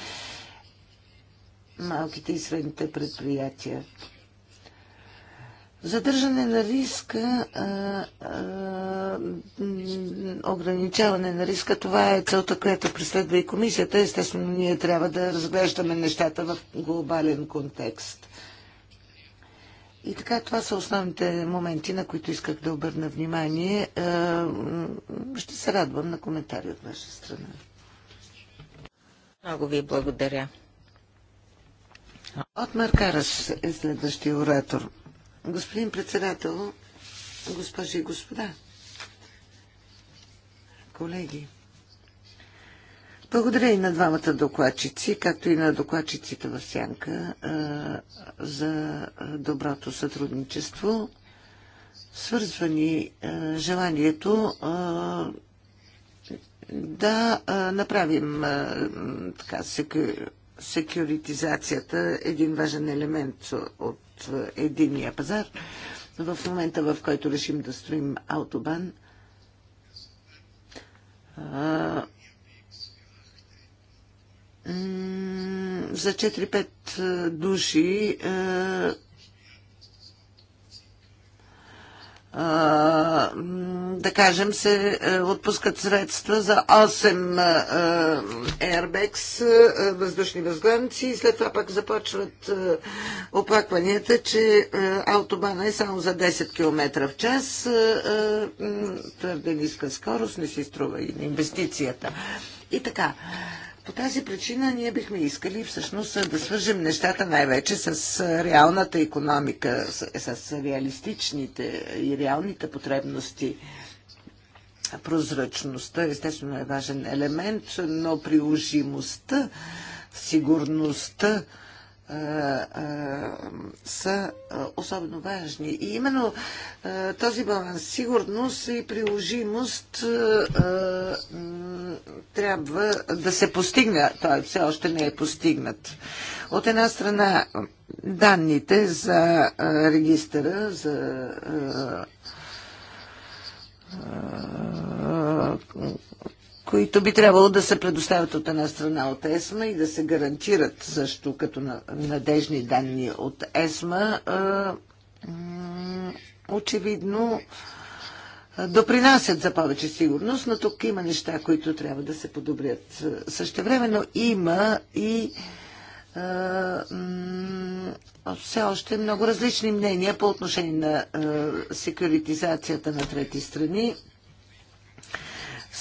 малките и средните предприятия. Задържане на риска, а, а, ограничаване на риска, това е целта, която преследва и комисията. Естествено, ние трябва да разглеждаме нещата в глобален контекст. И така, това са основните моменти, на които исках да обърна внимание. Е, ще се радвам на коментари от наша страна. Много ви благодаря. От Маркарас е следващия оратор. Господин председател, госпожи и господа, колеги, благодаря и на двамата докладчици, както и на докладчиците в Сянка за доброто сътрудничество. Свързвани желанието да направим така секюритизацията един важен елемент от единния пазар. В момента, в който решим да строим автобан, за 4-5 души да кажем, се отпускат средства за 8 Airbags въздушни възглавници и след това пък започват оплакванията, че автобана е само за 10 км в час. Твърде ниска скорост не си струва и инвестицията. И така. По тази причина ние бихме искали всъщност да свържем нещата най-вече с реалната економика, с, с реалистичните и реалните потребности. Прозрачността естествено е важен елемент, но приложимостта, сигурността са особено важни. И именно този баланс сигурност и приложимост трябва да се постигне. Той все още не е постигнат. От една страна данните за регистъра, за които би трябвало да се предоставят от една страна от ЕСМА и да се гарантират също като надежни данни от ЕСМА, очевидно допринасят за повече сигурност, но тук има неща, които трябва да се подобрят. Същевременно има и все още много различни мнения по отношение на секюритизацията на трети страни.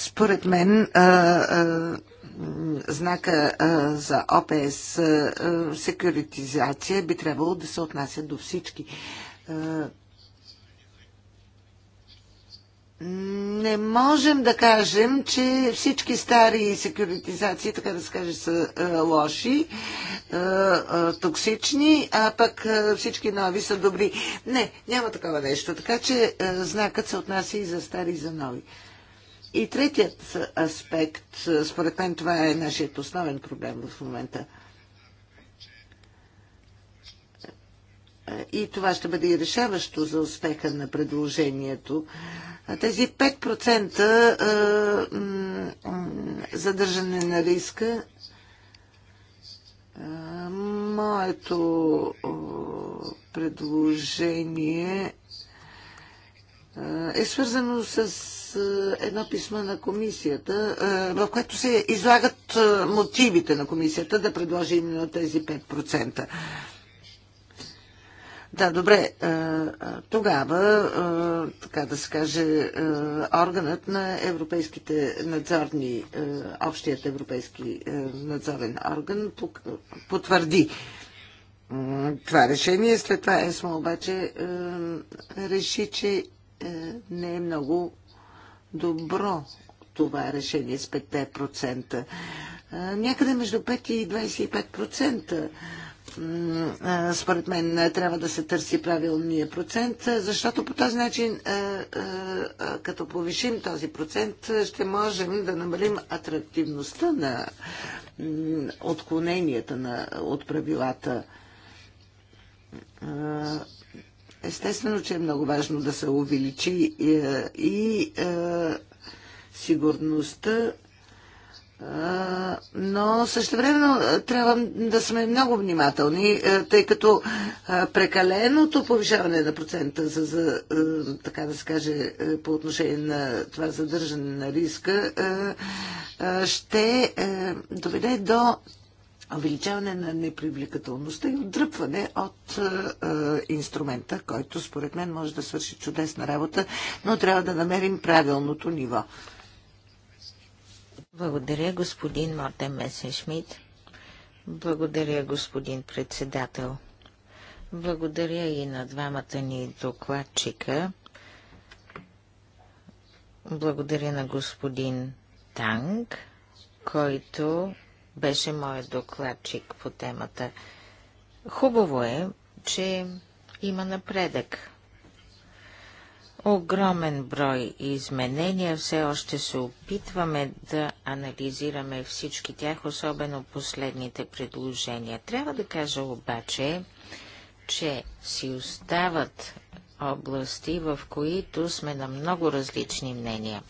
Според мен знака за ОПС секюритизация би трябвало да се отнася до всички. Не можем да кажем, че всички стари секюритизации, така да се каже, са лоши, токсични, а пък всички нови са добри. Не, няма такова нещо. Така че знакът се отнася и за стари и за нови. И третият аспект, според мен това е нашият основен проблем в момента. И това ще бъде и решаващо за успеха на предложението. Тези 5% задържане на риска, моето предложение е, е свързано с е, едно писмо на комисията, е, в което се излагат мотивите на комисията да предложи именно тези 5%. Да, добре. Тогава, така да се каже, органът на европейските надзорни, общият европейски надзорен орган потвърди това решение. След това ЕСМО обаче реши, че е, не е много добро това решение с 5%. Е, някъде между 5 и 25% е, според мен трябва да се търси правилния процент, защото по този начин, като повишим този процент, ще можем да намалим атрактивността на отклоненията на, от правилата Естествено, че е много важно да се увеличи е, и, и е, сигурността, е, но време трябва да сме много внимателни, тъй като прекаленото повишаване на процента за, за така да се каже, по отношение на това задържане на риска ще доведе до увеличаване на непривлекателността и отдръпване от е, е, инструмента, който според мен може да свърши чудесна работа, но трябва да намерим правилното ниво. Благодаря, господин Мортен Месеншмит. Благодаря, господин председател. Благодаря и на двамата ни докладчика. Благодаря на господин Танг, който беше моят докладчик по темата. Хубаво е, че има напредък. Огромен брой изменения, все още се опитваме да анализираме всички тях, особено последните предложения. Трябва да кажа обаче, че си остават области, в които сме на много различни мнения.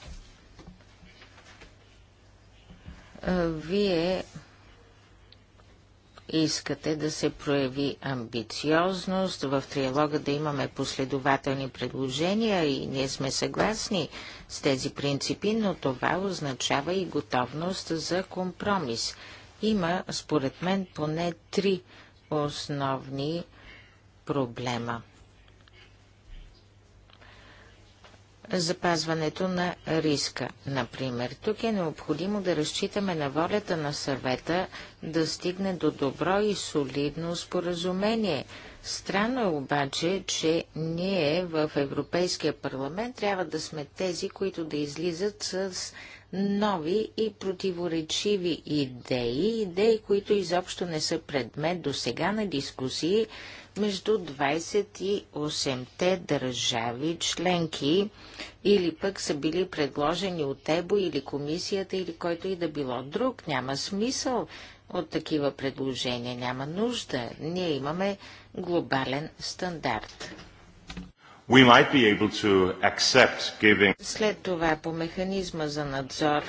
Вие искате да се прояви амбициозност, в триалога да имаме последователни предложения и ние сме съгласни с тези принципи, но това означава и готовност за компромис. Има, според мен, поне три основни проблема. запазването на риска, например. Тук е необходимо да разчитаме на волята на съвета да стигне до добро и солидно споразумение. Странно е обаче, че ние в Европейския парламент трябва да сме тези, които да излизат с нови и противоречиви идеи, идеи, които изобщо не са предмет до сега на дискусии между 28-те държави членки или пък са били предложени от ЕБО или комисията или който и да било друг. Няма смисъл от такива предложения, няма нужда. Ние имаме глобален стандарт. След това по механизма за надзор.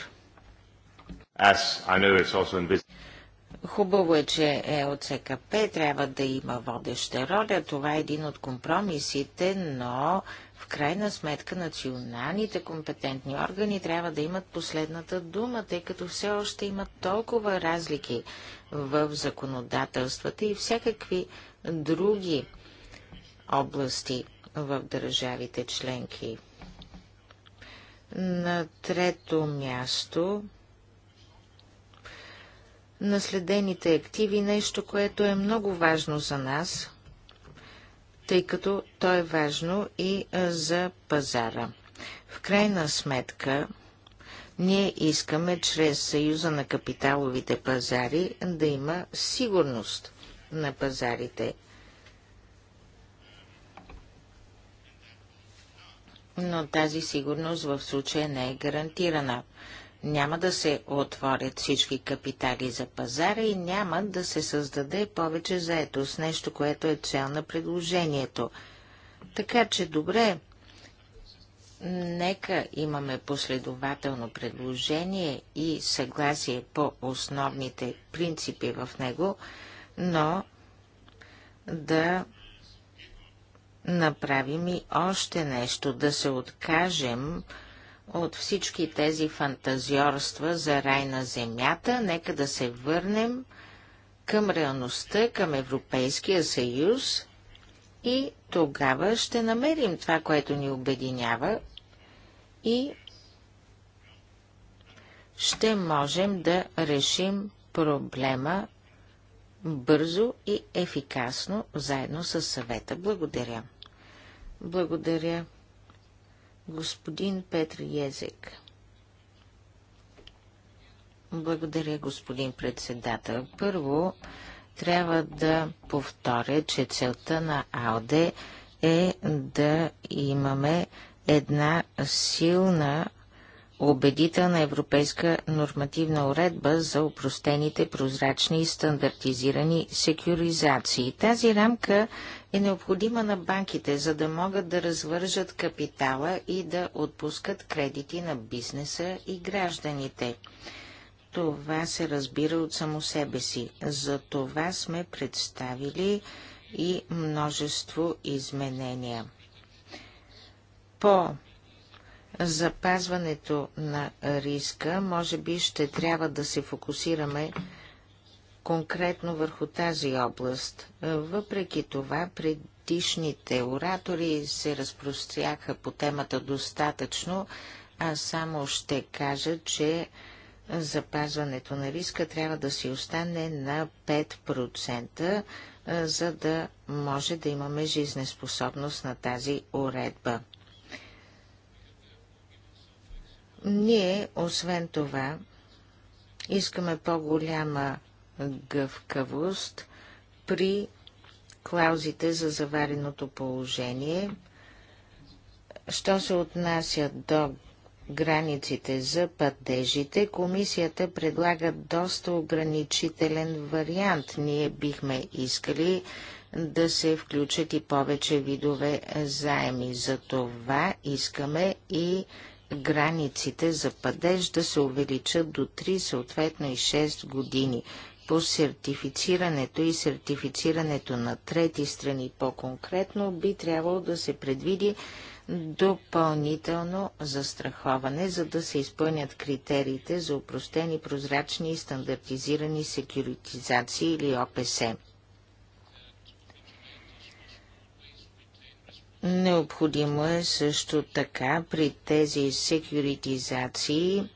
Хубаво е, че ЕОЦКП трябва да има водеща роля. Това е един от компромисите, но в крайна сметка националните компетентни органи трябва да имат последната дума, тъй като все още имат толкова разлики в законодателствата и всякакви други области в държавите членки. На трето място наследените активи, нещо, което е много важно за нас, тъй като то е важно и за пазара. В крайна сметка, ние искаме чрез Съюза на капиталовите пазари да има сигурност на пазарите. но тази сигурност в случая не е гарантирана. Няма да се отворят всички капитали за пазара и няма да се създаде повече заетост, нещо, което е цел на предложението. Така че добре, нека имаме последователно предложение и съгласие по основните принципи в него, но да направим и още нещо, да се откажем от всички тези фантазиорства за рай на земята, нека да се върнем към реалността, към Европейския съюз и тогава ще намерим това, което ни обединява и ще можем да решим проблема бързо и ефикасно заедно с съвета. Благодаря. Благодаря, господин Петър Язек. Благодаря, господин председател. Първо, трябва да повторя, че целта на АОДЕ е да имаме една силна убедителна европейска нормативна уредба за упростените, прозрачни и стандартизирани секюризации. Тази рамка е необходима на банките, за да могат да развържат капитала и да отпускат кредити на бизнеса и гражданите. Това се разбира от само себе си. За това сме представили и множество изменения. По запазването на риска, може би ще трябва да се фокусираме конкретно върху тази област. Въпреки това, предишните оратори се разпростряха по темата достатъчно. а само ще кажа, че запазването на риска трябва да си остане на 5%, за да може да имаме жизнеспособност на тази уредба. Ние, освен това, искаме по-голяма гъвкавост при клаузите за завареното положение. Що се отнася до границите за пътежите, комисията предлага доста ограничителен вариант. Ние бихме искали да се включат и повече видове заеми. За това искаме и границите за падеж да се увеличат до 3, съответно и 6 години. По сертифицирането и сертифицирането на трети страни по-конкретно би трябвало да се предвиди допълнително застраховане, за да се изпълнят критериите за упростени, прозрачни и стандартизирани секюритизации или ОПСМ. Необходимо е също така при тези секюритизации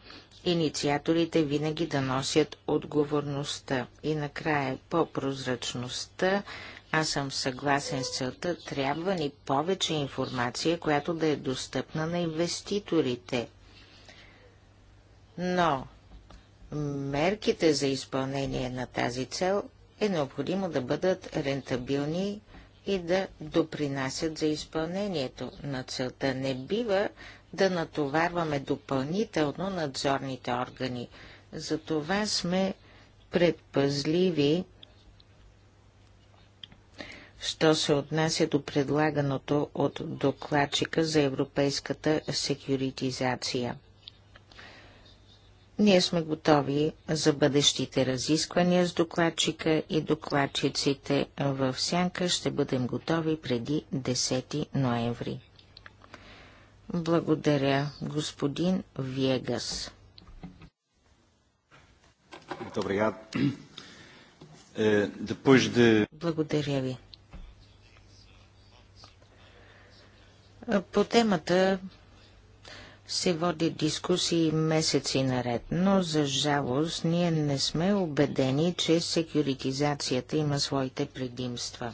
инициаторите винаги да носят отговорността. И накрая по прозрачността аз съм съгласен с целта, трябва ни повече информация, която да е достъпна на инвеститорите. Но мерките за изпълнение на тази цел е необходимо да бъдат рентабилни и да допринасят за изпълнението на целта. Не бива да натоварваме допълнително надзорните органи. Затова сме предпазливи, що се отнася до предлаганото от докладчика за европейската секюритизация. Ние сме готови за бъдещите разисквания с докладчика и докладчиците в Сянка. Ще бъдем готови преди 10 ноември. Благодаря, господин Вегас. Е, Благодаря ви. По темата се води дискусии месеци наред, но за жалост ние не сме убедени, че секюритизацията има своите предимства.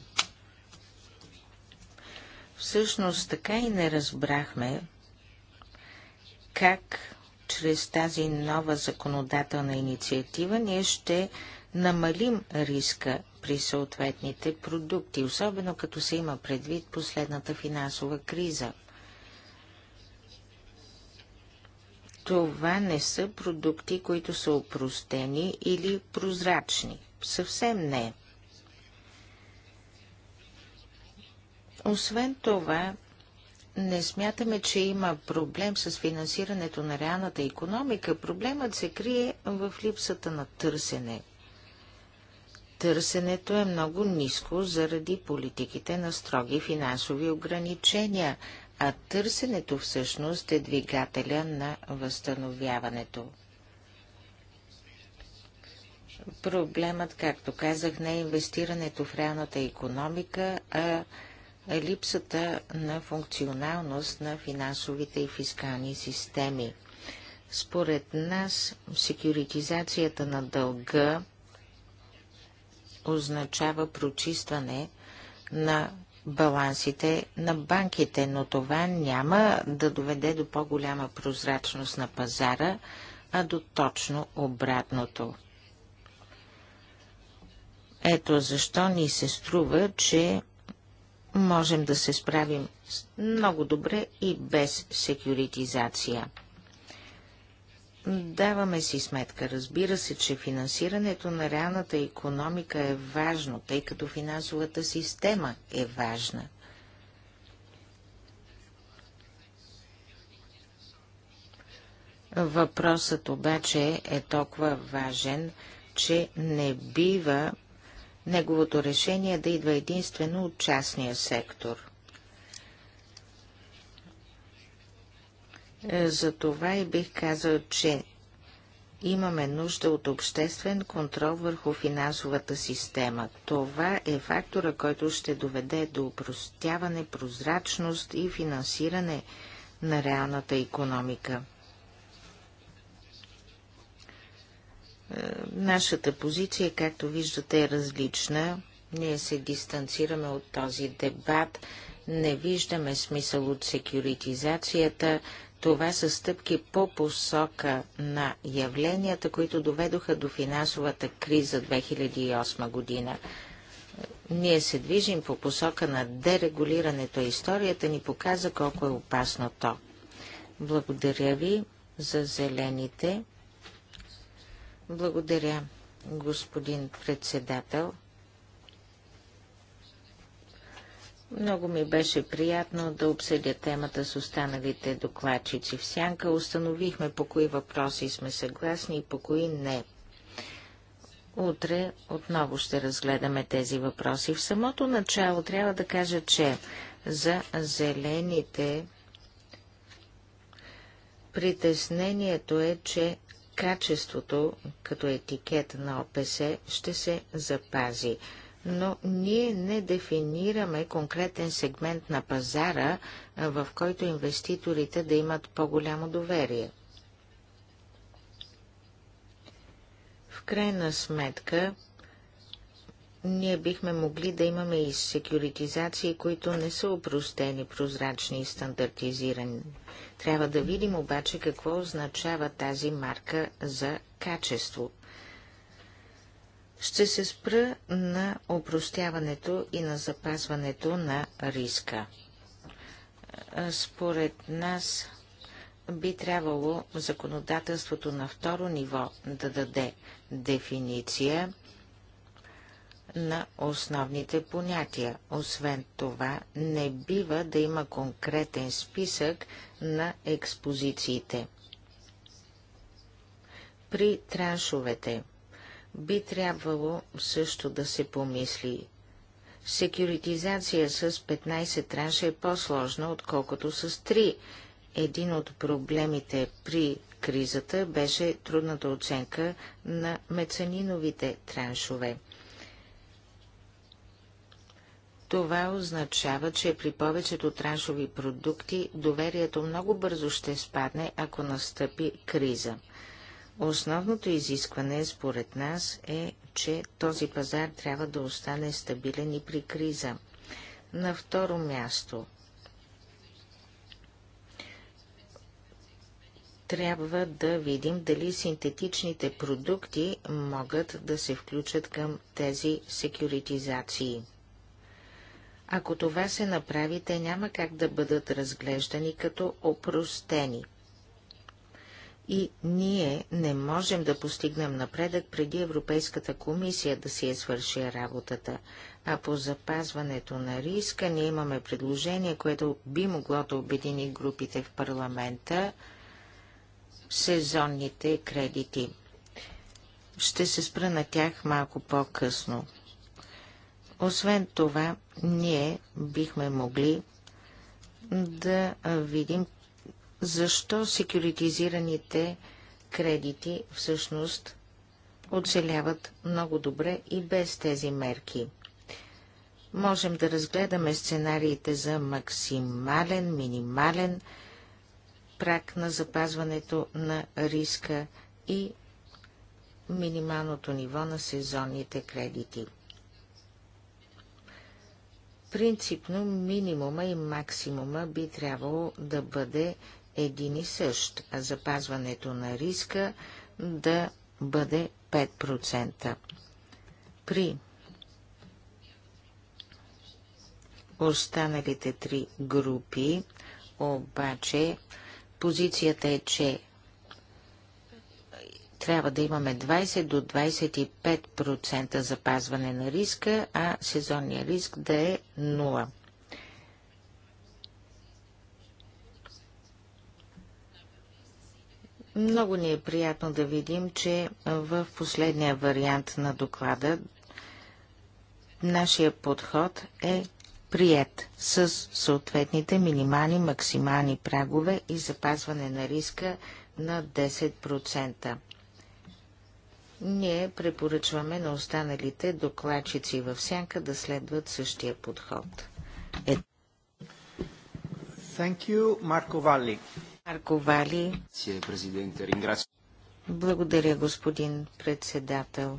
Всъщност така и не разбрахме как чрез тази нова законодателна инициатива ние ще намалим риска при съответните продукти, особено като се има предвид последната финансова криза. това не са продукти, които са опростени или прозрачни. Съвсем не. Освен това, не смятаме, че има проблем с финансирането на реалната економика. Проблемът се крие в липсата на търсене. Търсенето е много ниско заради политиките на строги финансови ограничения а търсенето всъщност е двигателя на възстановяването. Проблемът, както казах, не е инвестирането в реалната економика, а липсата на функционалност на финансовите и фискални системи. Според нас, секюритизацията на дълга означава прочистване на балансите на банките, но това няма да доведе до по-голяма прозрачност на пазара, а до точно обратното. Ето защо ни се струва, че можем да се справим много добре и без секюритизация. Даваме си сметка. Разбира се, че финансирането на реалната економика е важно, тъй като финансовата система е важна. Въпросът обаче е толкова важен, че не бива неговото решение да идва единствено от частния сектор – Е, за това и бих казал, че имаме нужда от обществен контрол върху финансовата система. Това е фактора, който ще доведе до упростяване, прозрачност и финансиране на реалната економика. Е, нашата позиция, както виждате, е различна. Ние се дистанцираме от този дебат, не виждаме смисъл от секюритизацията, това са стъпки по посока на явленията, които доведоха до финансовата криза 2008 година. Ние се движим по посока на дерегулирането. Историята ни показа колко е опасно то. Благодаря ви за зелените. Благодаря, господин председател. Много ми беше приятно да обсъдя темата с останалите докладчици в сянка. Установихме по кои въпроси сме съгласни и по кои не. Утре отново ще разгледаме тези въпроси. В самото начало трябва да кажа, че за зелените притеснението е, че качеството като етикет на ОПС ще се запази но ние не дефинираме конкретен сегмент на пазара, в който инвеститорите да имат по-голямо доверие. В крайна сметка, ние бихме могли да имаме и секюритизации, които не са упростени, прозрачни и стандартизирани. Трябва да видим обаче какво означава тази марка за качество. Ще се спра на опростяването и на запазването на риска. Според нас би трябвало законодателството на второ ниво да даде дефиниция на основните понятия. Освен това, не бива да има конкретен списък на експозициите. При траншовете би трябвало също да се помисли. Секюритизация с 15 транша е по-сложна, отколкото с 3. Един от проблемите при кризата беше трудната оценка на мецаниновите траншове. Това означава, че при повечето траншови продукти доверието много бързо ще спадне, ако настъпи криза. Основното изискване според нас е, че този пазар трябва да остане стабилен и при криза. На второ място трябва да видим дали синтетичните продукти могат да се включат към тези секюритизации. Ако това се направи, те няма как да бъдат разглеждани като опростени и ние не можем да постигнем напредък преди Европейската комисия да си е свърши работата. А по запазването на риска ние имаме предложение, което би могло да обедини групите в парламента сезонните кредити. Ще се спра на тях малко по-късно. Освен това, ние бихме могли да видим защо секюритизираните кредити всъщност оцеляват много добре и без тези мерки. Можем да разгледаме сценариите за максимален, минимален прак на запазването на риска и минималното ниво на сезонните кредити. Принципно минимума и максимума би трябвало да бъде един и същ, а запазването на риска да бъде 5%. При останалите три групи обаче позицията е, че трябва да имаме 20 до 25% запазване на риска, а сезонния риск да е 0%. Много ни е приятно да видим, че в последния вариант на доклада нашия подход е прият с съответните минимални, максимални прагове и запазване на риска на 10%. Ние препоръчваме на останалите докладчици в сянка да следват същия подход. Е... Thank you, Марко Валли. Благодаря, господин председател.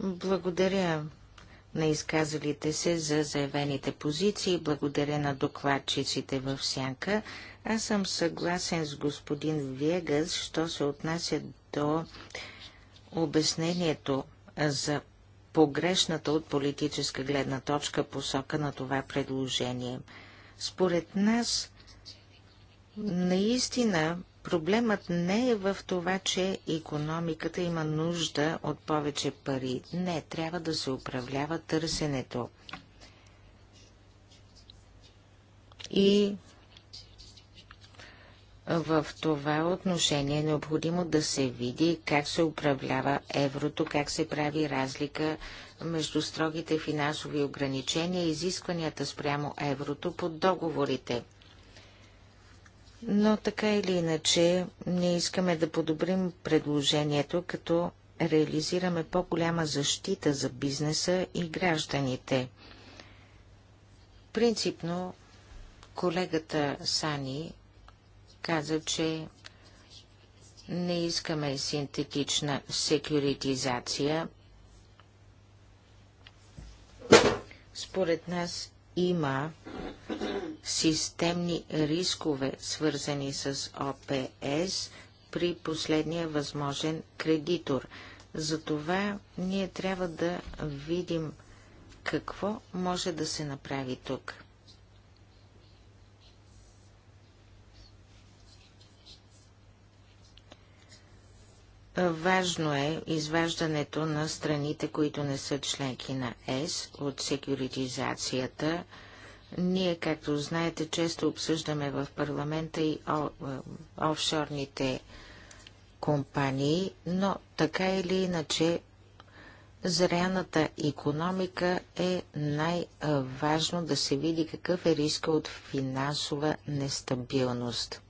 Благодаря на изказалите се за заявените позиции, благодаря на докладчиците в сянка. Аз съм съгласен с господин Вегас, що се отнася до обяснението за погрешната от политическа гледна точка посока на това предложение. Според нас, наистина проблемът не е в това, че економиката има нужда от повече пари. Не, трябва да се управлява търсенето. И в това отношение е необходимо да се види как се управлява еврото, как се прави разлика между строгите финансови ограничения и изискванията спрямо еврото под договорите. Но така или иначе, ние искаме да подобрим предложението, като реализираме по-голяма защита за бизнеса и гражданите. Принципно, колегата Сани каза, че не искаме синтетична секюритизация. Според нас има системни рискове, свързани с ОПС при последния възможен кредитор. Затова ние трябва да видим какво може да се направи тук. Важно е изваждането на страните, които не са членки на ЕС от секюритизацията. Ние, както знаете, често обсъждаме в парламента и е, офшорните компании, но така или иначе зряната економика е най-важно да се види какъв е риска от финансова нестабилност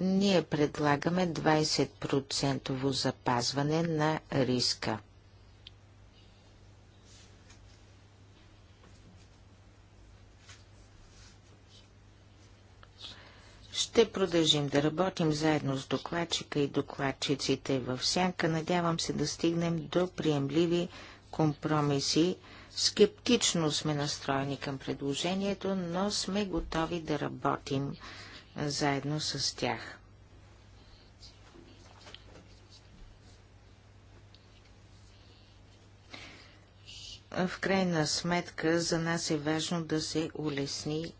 ние предлагаме 20% запазване на риска. Ще продължим да работим заедно с докладчика и докладчиците в сянка. Надявам се да стигнем до приемливи компромиси. Скептично сме настроени към предложението, но сме готови да работим заедно с тях. В крайна сметка за нас е важно да се улесни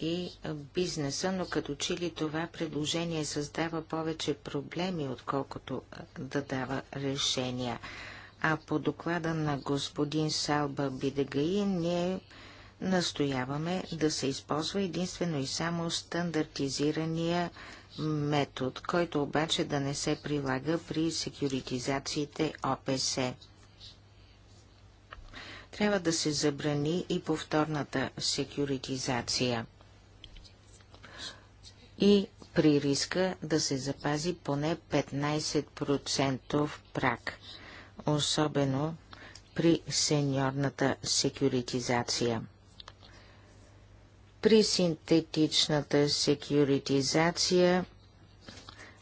и бизнеса, но като че ли това предложение създава повече проблеми, отколкото да дава решения. А по доклада на господин Салба Бидегаи ние настояваме да се използва единствено и само стандартизирания метод, който обаче да не се прилага при секюритизациите ОПС. Трябва да се забрани и повторната секюритизация и при риска да се запази поне 15% прак, особено при сеньорната секюритизация. При синтетичната секюритизация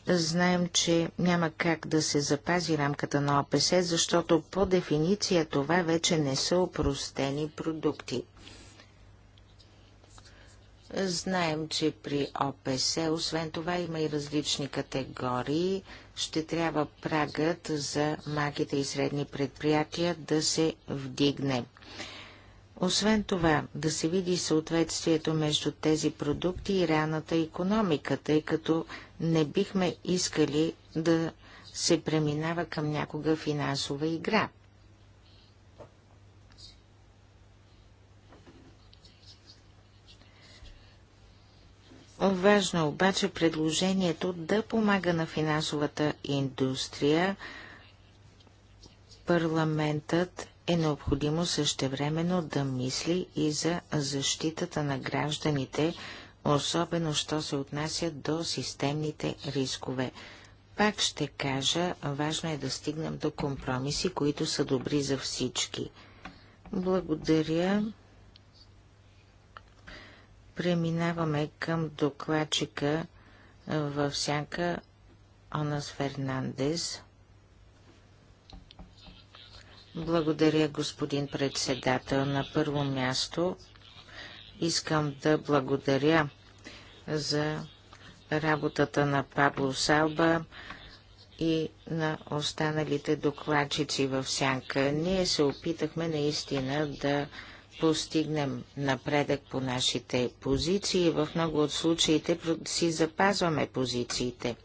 знаем, че няма как да се запази рамката на ОПС, защото по дефиниция това вече не са опростени продукти. Знаем, че при ОПС, освен това, има и различни категории. Ще трябва прагът за малките и средни предприятия да се вдигне. Освен това, да се види съответствието между тези продукти и реалната економика, тъй като не бихме искали да се преминава към някога финансова игра. Важно е обаче предложението да помага на финансовата индустрия. Парламентът е необходимо същевременно да мисли и за защитата на гражданите, особено що се отнася до системните рискове. Пак ще кажа, важно е да стигнем до компромиси, които са добри за всички. Благодаря. Преминаваме към докладчика в сянка Онас Фернандес. Благодаря, господин председател. На първо място искам да благодаря за работата на Пабло Салба и на останалите докладчици в Сянка. Ние се опитахме наистина да постигнем напредък по нашите позиции. В много от случаите си запазваме позициите.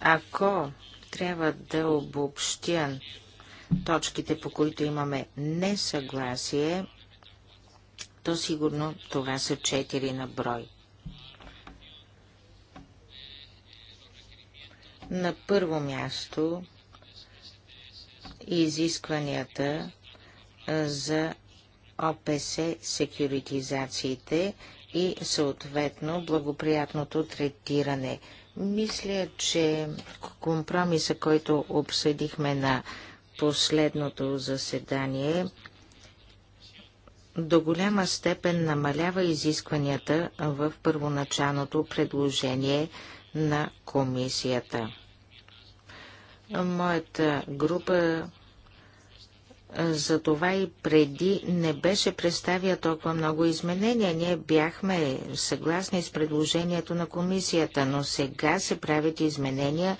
Ако трябва да обобщя точките, по които имаме несъгласие, то сигурно това са четири на брой. На първо място изискванията за ОПС секюритизациите и съответно благоприятното третиране. Мисля, че компромиса, който обсъдихме на последното заседание до голяма степен намалява изискванията в първоначалното предложение на комисията. Моята група за това и преди не беше представя толкова много изменения. Ние бяхме съгласни с предложението на комисията, но сега се правят изменения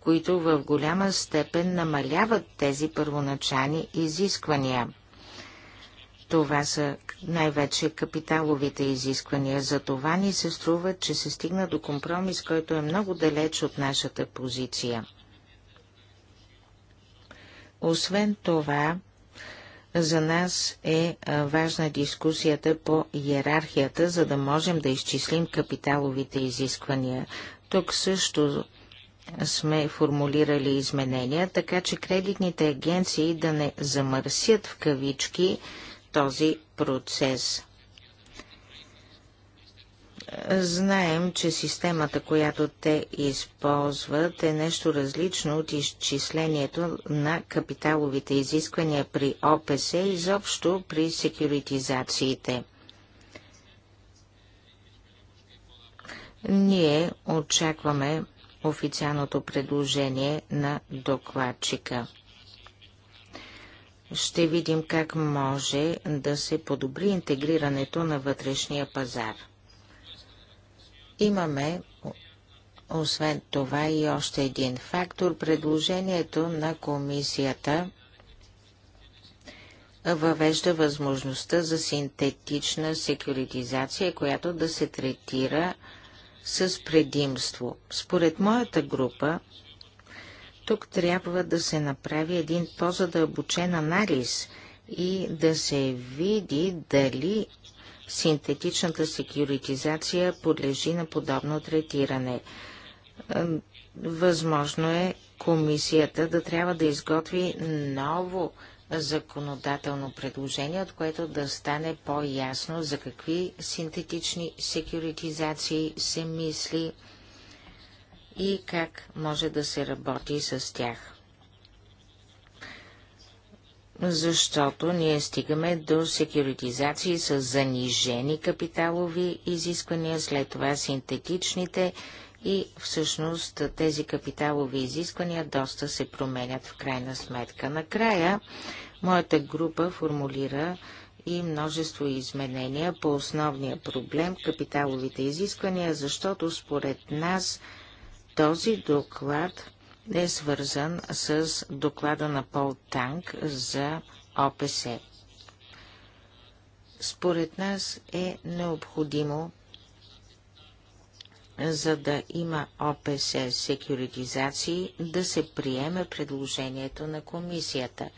които в голяма степен намаляват тези първоначални изисквания. Това са най-вече капиталовите изисквания. За това ни се струва, че се стигна до компромис, който е много далеч от нашата позиция. Освен това, за нас е важна дискусията по иерархията, за да можем да изчислим капиталовите изисквания. Тук също сме формулирали изменения, така че кредитните агенции да не замърсят в кавички този процес. Знаем, че системата, която те използват, е нещо различно от изчислението на капиталовите изисквания при ОПС и изобщо при секюритизациите. Ние очакваме официалното предложение на докладчика. Ще видим как може да се подобри интегрирането на вътрешния пазар. Имаме освен това и още един фактор – предложението на комисията въвежда възможността за синтетична секюритизация, която да се третира с предимство. Според моята група, тук трябва да се направи един по-задълбочен анализ и да се види дали синтетичната секюритизация подлежи на подобно третиране. Възможно е комисията да трябва да изготви ново законодателно предложение, от което да стане по-ясно за какви синтетични секюритизации се мисли и как може да се работи с тях. Защото ние стигаме до секюритизации с занижени капиталови изисквания, след това синтетичните и всъщност тези капиталови изисквания доста се променят в крайна сметка. Накрая моята група формулира и множество изменения по основния проблем – капиталовите изисквания, защото според нас този доклад е свързан с доклада на Пол Танк за ОПС. Според нас е необходимо за да има ОПС секюритизации, да се приеме предложението на комисията.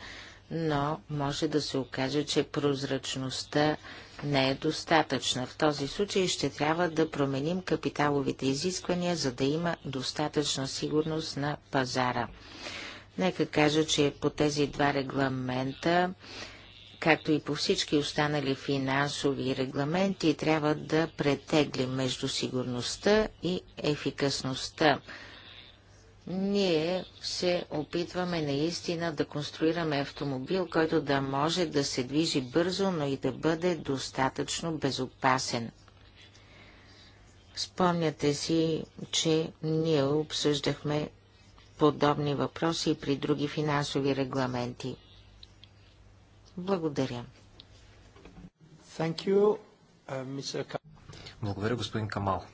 Но може да се окаже, че прозрачността не е достатъчна. В този случай ще трябва да променим капиталовите изисквания, за да има достатъчна сигурност на пазара. Нека кажа, че по тези два регламента както и по всички останали финансови регламенти, трябва да претеглим между сигурността и ефикасността. Ние се опитваме наистина да конструираме автомобил, който да може да се движи бързо, но и да бъде достатъчно безопасен. Спомняте си, че ние обсъждахме подобни въпроси и при други финансови регламенти. Благодаря. Thank you, uh, Благодаря, господин Камал.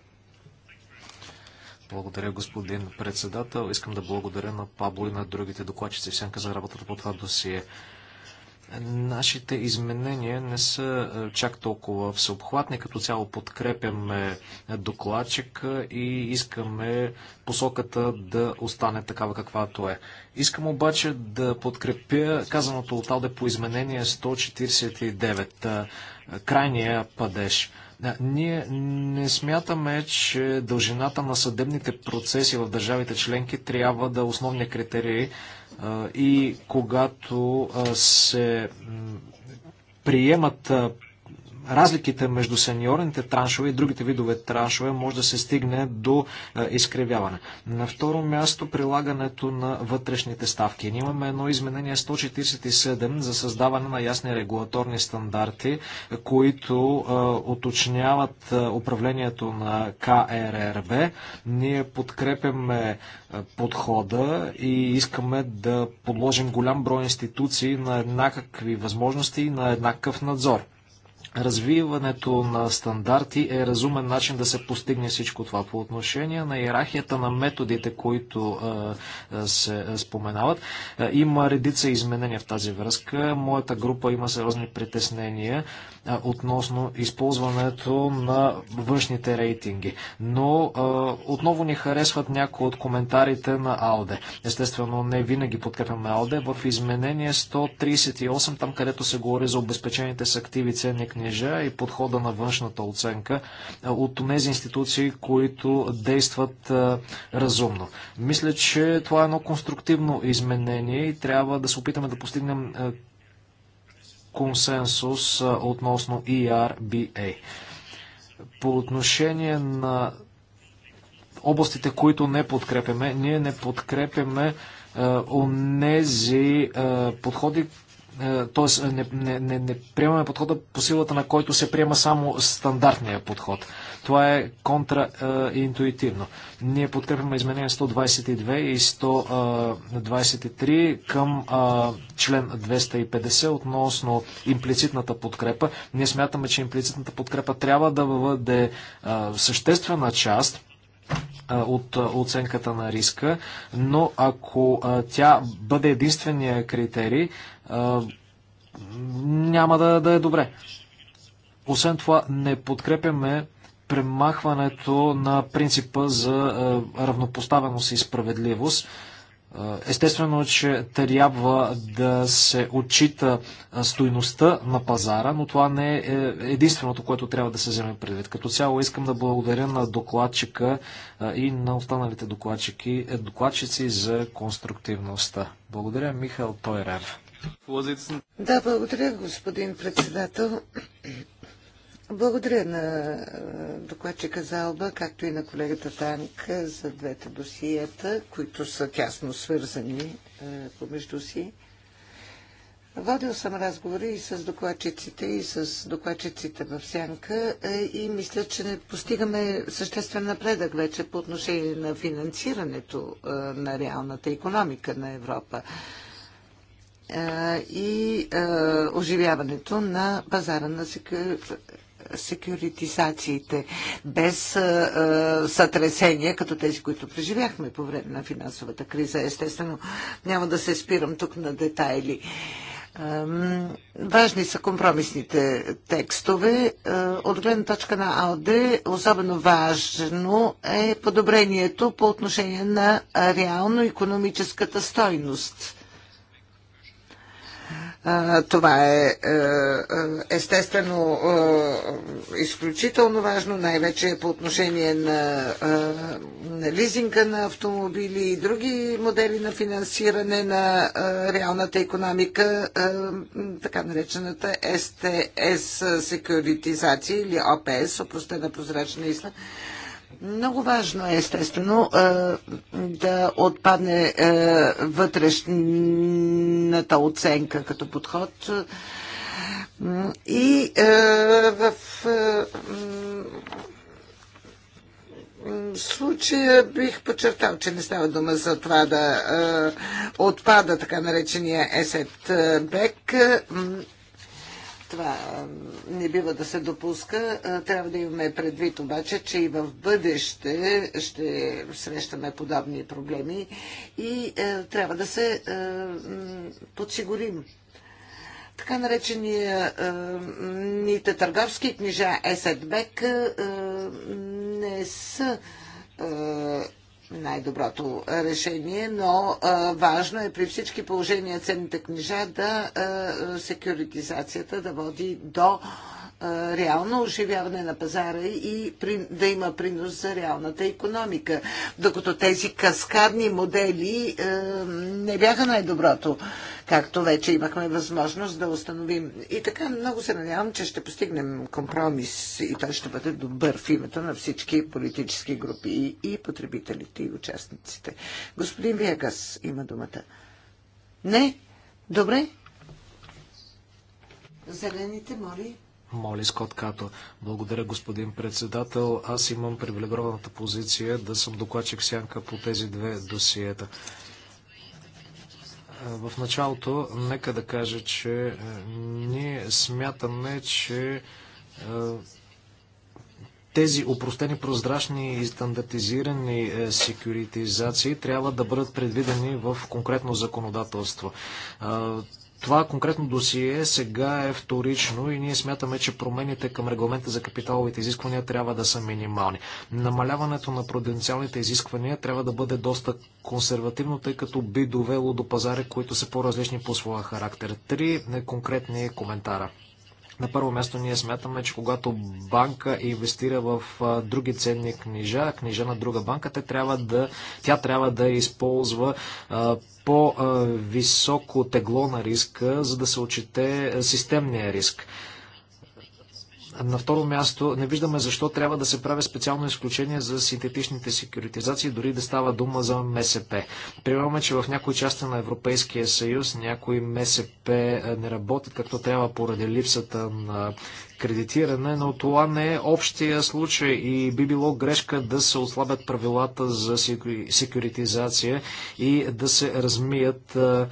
Благодаря, господин председател. Искам да благодаря на Пабло и на другите докладчици в сянка за работата по това досие. Нашите изменения не са е, чак толкова всеобхватни. Като цяло подкрепяме е, докладчика и искаме посоката да остане такава каквато е. Искам обаче да подкрепя казаното от Алде по изменение 149, е, крайния падеж. Да, ние не смятаме, че дължината на съдебните процеси в държавите членки трябва да е основния критерий и когато се приемат разликите между сеньорните траншове и другите видове траншове може да се стигне до изкривяване. На второ място прилагането на вътрешните ставки. Ние имаме едно изменение 147 за създаване на ясни регулаторни стандарти, които уточняват управлението на КРРБ. Е Ние подкрепяме подхода и искаме да подложим голям брой институции на еднакви възможности и на еднакъв надзор. Развиването на стандарти е разумен начин да се постигне всичко това. По отношение на иерархията на методите, които се споменават, има редица изменения в тази връзка. Моята група има сериозни притеснения относно използването на външните рейтинги. Но отново ни харесват някои от коментарите на Алде. Естествено, не винаги подкрепяме Алде. В изменение 138, там където се говори за обезпечените с активи ценни книжа, книжа и подхода на външната оценка от тези институции, които действат разумно. Мисля, че това е едно конструктивно изменение и трябва да се опитаме да постигнем консенсус относно ERBA. По отношение на областите, които не подкрепяме, ние не подкрепяме онези подходи, т.е. Е, не, не, не, не приемаме подхода по силата на който се приема само стандартния подход. Това е контраинтуитивно. Е, Ние подкрепяме изменения 122 и 123 е, към а, член 250 относно имплицитната подкрепа. Ние смятаме, че имплицитната подкрепа трябва да бъде а, съществена част от оценката на риска, но ако тя бъде единствения критерий, няма да, да е добре. Освен това, не подкрепяме премахването на принципа за равнопоставеност и справедливост. Естествено, че трябва да се отчита стойността на пазара, но това не е единственото, което трябва да се вземе предвид. Като цяло искам да благодаря на докладчика и на останалите докладчики докладчици за конструктивността. Благодаря, Михаил Тойрев. Да, благодаря, господин председател. Благодаря на докладчика Залба, както и на колегата Танк за двете досиета, които са тясно свързани помежду си. Водил съм разговори и с докладчиците, и с докладчиците в Сянка и мисля, че не постигаме съществен напредък вече по отношение на финансирането на реалната економика на Европа и оживяването на пазара на секюритизациите без сътресения, като тези, които преживяхме по време на финансовата криза. Естествено, няма да се спирам тук на детайли. Важни са компромисните текстове. От гледна точка на АОД особено важно е подобрението по отношение на реално економическата стойност. Това е, е, е естествено е, изключително важно, най-вече по отношение на, на лизинга на автомобили и други модели на финансиране на реалната економика, така наречената СТС секюритизация или ОПС, опростена прозрачна истина много важно е, естествено, е, да отпадне е, вътрешната оценка като подход. И е, в случая бих подчертал, че не става дума за това да отпада така наречения есет бек това не бива да се допуска. Трябва да имаме предвид обаче, че и в бъдеще ще срещаме подобни проблеми и трябва да се подсигурим така наречения ните търговски книжа Есетбек не са най-доброто решение, но а, важно е при всички положения ценните книжа да а, секюритизацията да води до а, реално оживяване на пазара и да има принос за реалната економика. Докато тези каскадни модели не бяха най-доброто, както вече имахме възможност да установим. И така много се надявам, че ще постигнем компромис и той ще бъде добър в името на всички политически групи и потребителите и участниците. Господин Виагас има думата. Не? Добре? Зелените, моли. Моли Скот Като. Благодаря, господин председател. Аз имам привилегированата позиция да съм докладчик сянка по тези две досиета. Е, в началото, нека да кажа, че е, ние смятаме, че е, тези упростени, прозрачни и стандартизирани секюритизации трябва да бъдат предвидени в конкретно законодателство. Това конкретно досие сега е вторично и ние смятаме, че промените към регламента за капиталовите изисквания трябва да са минимални. Намаляването на проденциалните изисквания трябва да бъде доста консервативно, тъй като би довело до пазари, които са по-различни по своя характер. Три конкретни коментара. На първо място ние смятаме, че когато банка инвестира в други ценни книжа, книжа на друга банка, те трябва да, тя трябва да използва по-високо тегло на риска, за да се очите системния риск. На второ място, не виждаме защо трябва да се прави специално изключение за синтетичните секюритизации, дори да става дума за МСП. Приемаме, че в някои части на Европейския съюз някои МСП е, не работят както трябва поради липсата на кредитиране, но това не е общия случай и би било грешка да се ослабят правилата за секюритизация и да се размият е,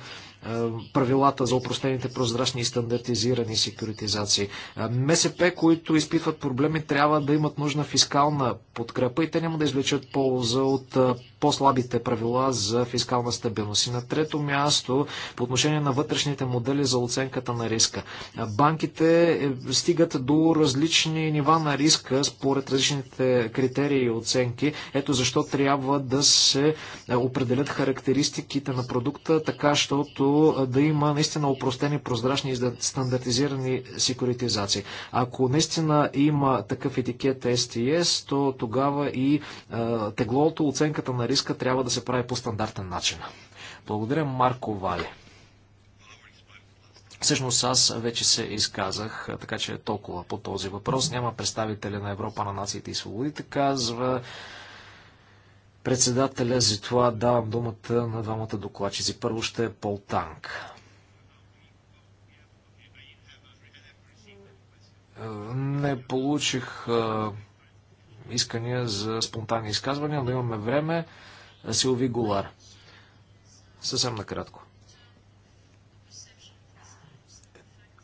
е, правилата за упростените прозрачни и стандартизирани секюритизации. Е, МСП, които изпитват проблеми, трябва да имат нужна фискална подкрепа и те няма да извлечат полза от е, по-слабите правила за фискална стабилност. И на трето място, по отношение на вътрешните модели за оценката на риска. Банките стигат до различни нива на риска според различните критерии и оценки. Ето защо трябва да се определят характеристиките на продукта, така, защото който да има наистина упростени, прозрачни и стандартизирани секуритизации. Ако наистина има такъв етикет STS, то тогава и теглото, оценката на риска трябва да се прави по стандартен начин. Благодаря, Марко Вали. Всъщност аз вече се изказах, така че е толкова по този въпрос. Няма представители на Европа на нациите и свободите, казва председателя, затова давам думата на двамата докладчици. Първо ще е Пол Танк. Не получих искания за спонтанни изказвания, но имаме време. Силви Голар. Съвсем накратко.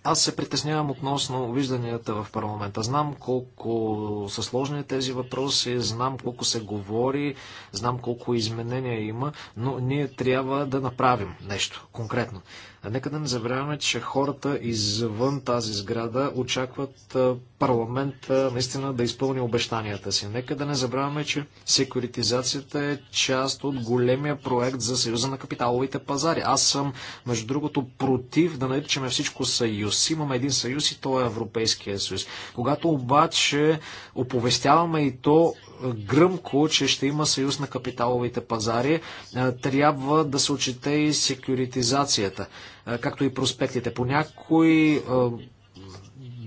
Аз се притеснявам относно вижданията в парламента. Знам колко са сложни тези въпроси, знам колко се говори, знам колко изменения има, но ние трябва да направим нещо конкретно. Нека да не забравяме, че хората извън тази сграда очакват парламент наистина да изпълни обещанията си. Нека да не забравяме, че секуритизацията е част от големия проект за Съюза на капиталовите пазари. Аз съм, между другото, против да наричаме всичко съюз. Имаме един съюз и то е Европейския съюз. Когато обаче оповестяваме и то гръмко, че ще има съюз на капиталовите пазари, е, трябва да се отчете и секюритизацията, е, както и проспектите. По някои е,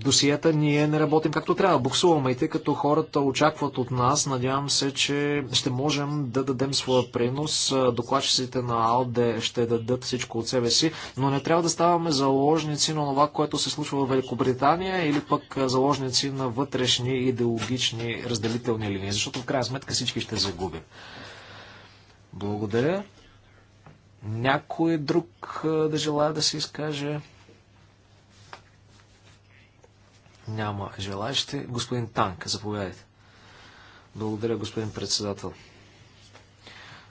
досията, ние не работим както трябва. Буксуваме и тъй като хората очакват от нас, надявам се, че ще можем да дадем своя принос. Докладчиците на АЛДЕ ще дадат всичко от себе си, но не трябва да ставаме заложници на това, което се случва в Великобритания или пък заложници на вътрешни идеологични разделителни линии, защото в крайна сметка всички ще загубим. Благодаря. Някой друг да желая да се изкаже? Няма желаящи. Господин Танк, заповядайте. Благодаря, господин председател.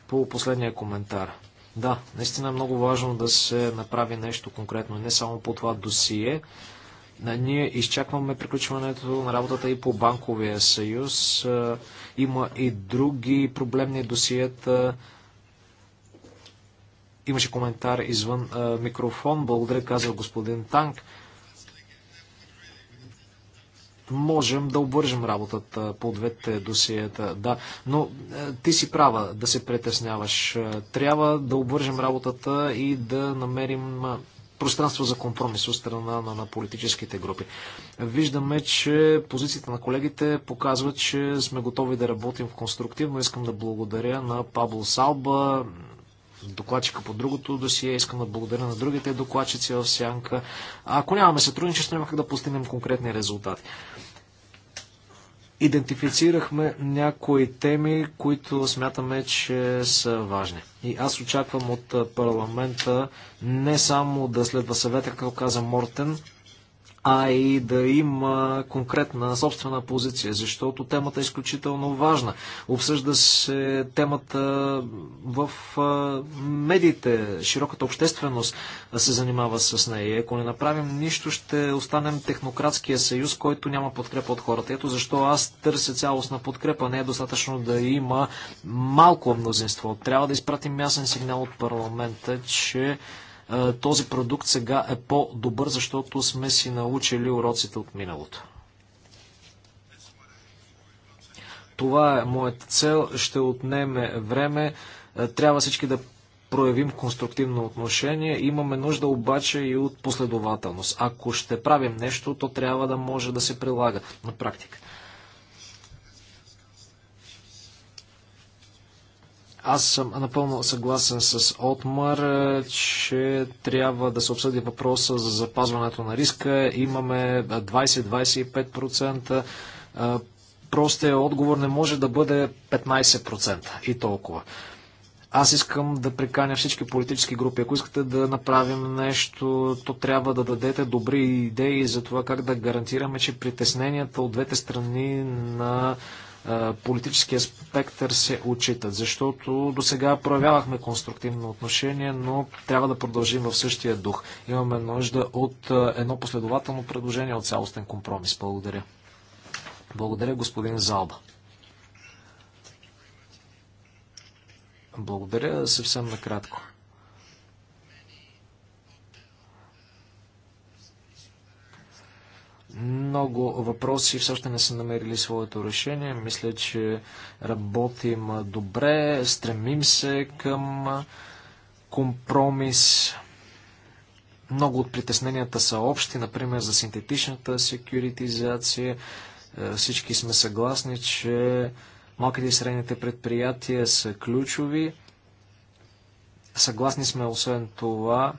По последния коментар. Да, наистина е много важно да се направи нещо конкретно, не само по това досие. Ние изчакваме приключването на работата и по банковия съюз. Има и други проблемни досиета. Имаше коментар извън микрофон. Благодаря, казва господин Танк можем да обвържем работата по двете досиета. Да, но е, ти си права да се притесняваш. Е, трябва да обвържем работата и да намерим е, пространство за компромис от страна на, на политическите групи. Виждаме, че позицията на колегите показва, че сме готови да работим в конструктивно. Искам да благодаря на Пабло Салба, докладчика по другото досие. Искам да благодаря на другите докладчици в Сянка. А ако нямаме сътрудничество, няма как да постигнем конкретни резултати. Идентифицирахме някои теми, които смятаме, че са важни. И аз очаквам от парламента не само да следва съвета, както каза Мортен, а и да има конкретна собствена позиция, защото темата е изключително важна. Обсъжда се темата в медиите, широката общественост се занимава с нея. Ако не направим нищо, ще останем технократския съюз, който няма подкрепа от хората. Ето защо аз търся цялостна подкрепа. Не е достатъчно да има малко мнозинство. Трябва да изпратим ясен сигнал от парламента, че е, този продукт сега е по-добър, защото сме си научили уроците от миналото. Това е моята цел. Ще отнеме време. Е, трябва всички да проявим конструктивно отношение. Имаме нужда обаче и от последователност. Ако ще правим нещо, то трябва да може да се прилага на практика. Аз съм напълно съгласен с Отмар, е, че трябва да се обсъди въпроса за запазването на риска. Имаме 20-25%. Е, е, Просто отговор не може да бъде 15% и толкова. Аз искам да приканя всички политически групи. Ако искате да направим нещо, то трябва да дадете добри идеи за това как да гарантираме, че притесненията от двете страни на политическия спектър се отчитат, защото до сега проявявахме конструктивно отношение, но трябва да продължим в същия дух. Имаме нужда от едно последователно предложение от цялостен компромис. Благодаря. Благодаря, господин Залба. Благодаря съвсем накратко. Много въпроси все още не са намерили своето решение. Мисля, че работим добре, стремим се към компромис. Много от притесненията са общи, например за синтетичната секюритизация. Е, всички сме съгласни, че малките и средните предприятия са ключови. Съгласни сме освен това,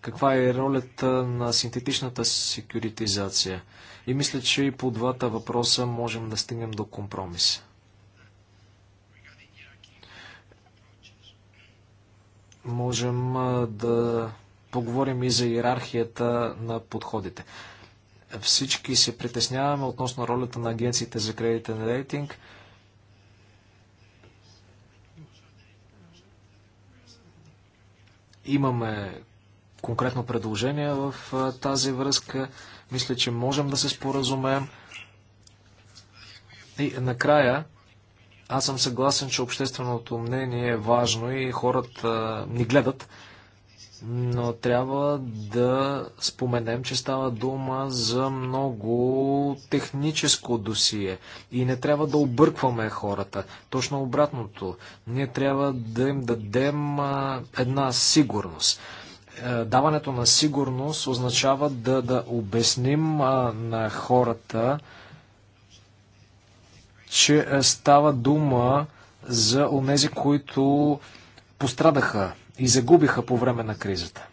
каква е ролята на синтетичната секюритизация. И мисля, че и по двата въпроса можем да стигнем до компромис. Можем да поговорим и за иерархията на подходите. Всички се притесняваме относно ролята на агенциите за кредитен рейтинг. Имаме конкретно предложение в тази връзка. Мисля, че можем да се споразумеем. И накрая, аз съм съгласен, че общественото мнение е важно и хората ни гледат, но трябва да споменем, че става дума за много техническо досие и не трябва да объркваме хората. Точно обратното, ние трябва да им дадем една сигурност. Е, даването на сигурност означава да, да обясним а, на хората, че е, става дума за онези, които пострадаха и загубиха по време на кризата.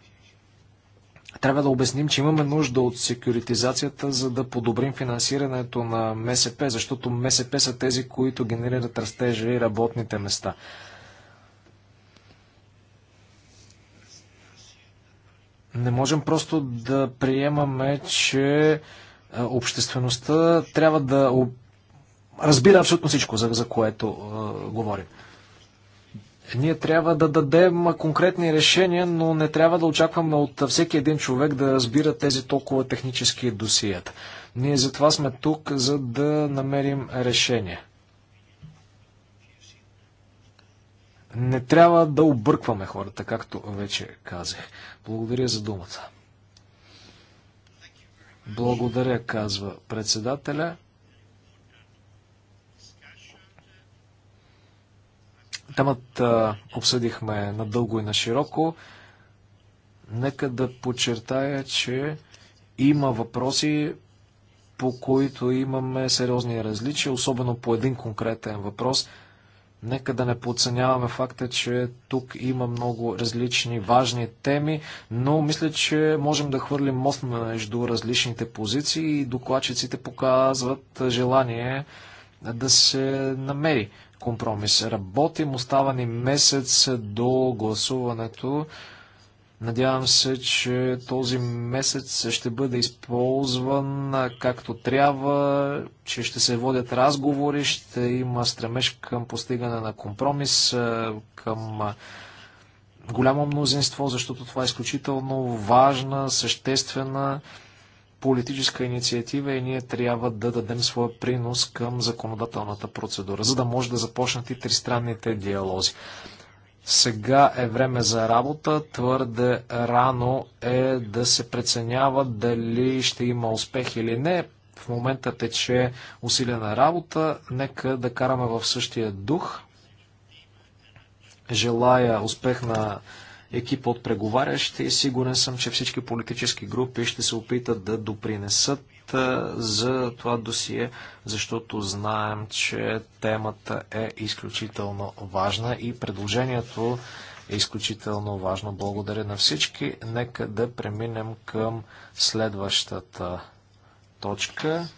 Трябва да обясним, че имаме нужда от секюритизацията, за да подобрим финансирането на МСП, защото МСП са тези, които генерират растежа и работните места. Не можем просто да приемаме, че е, обществеността трябва да разбира абсолютно всичко, за, за което е, говорим. Ние трябва да дадем конкретни решения, но не трябва да очакваме от всеки един човек да разбира тези толкова технически досият. Ние затова сме тук, за да намерим решение. Не трябва да объркваме хората, както вече казах. Благодаря за думата. Благодаря, казва председателя. Темата обсъдихме надълго и на широко. Нека да подчертая, че има въпроси, по които имаме сериозни различия, особено по един конкретен въпрос – Нека да не подценяваме факта, че тук има много различни важни теми, но мисля, че можем да хвърлим мост между различните позиции и докладчиците показват желание да се намери компромис. Работим, остава ни месец до гласуването. Надявам се, че този месец ще бъде използван както трябва, че ще се водят разговори, ще има стремеж към постигане на компромис, към голямо мнозинство, защото това е изключително важна, съществена политическа инициатива и ние трябва да дадем своя принос към законодателната процедура, за да може да започнат и тристранните диалози. Сега е време за работа. Твърде рано е да се преценява дали ще има успех или не. В момента тече усилена работа. Нека да караме в същия дух. Желая успех на екип от преговарящи и сигурен съм, че всички политически групи ще се опитат да допринесат за това досие, защото знаем, че темата е изключително важна и предложението е изключително важно. Благодаря на всички. Нека да преминем към следващата точка.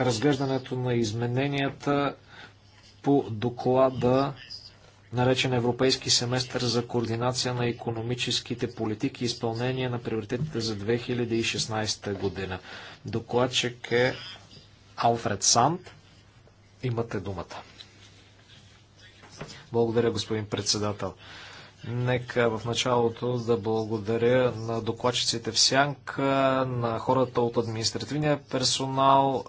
Разглеждането на измененията по доклада наречен Европейски семестър за координация на економическите политики и изпълнение на приоритетите за 2016 година. Докладчик е Алфред Санд. Имате думата. Благодаря, господин председател. Нека в началото да благодаря на докладчиците в Сянка, на хората от административния персонал,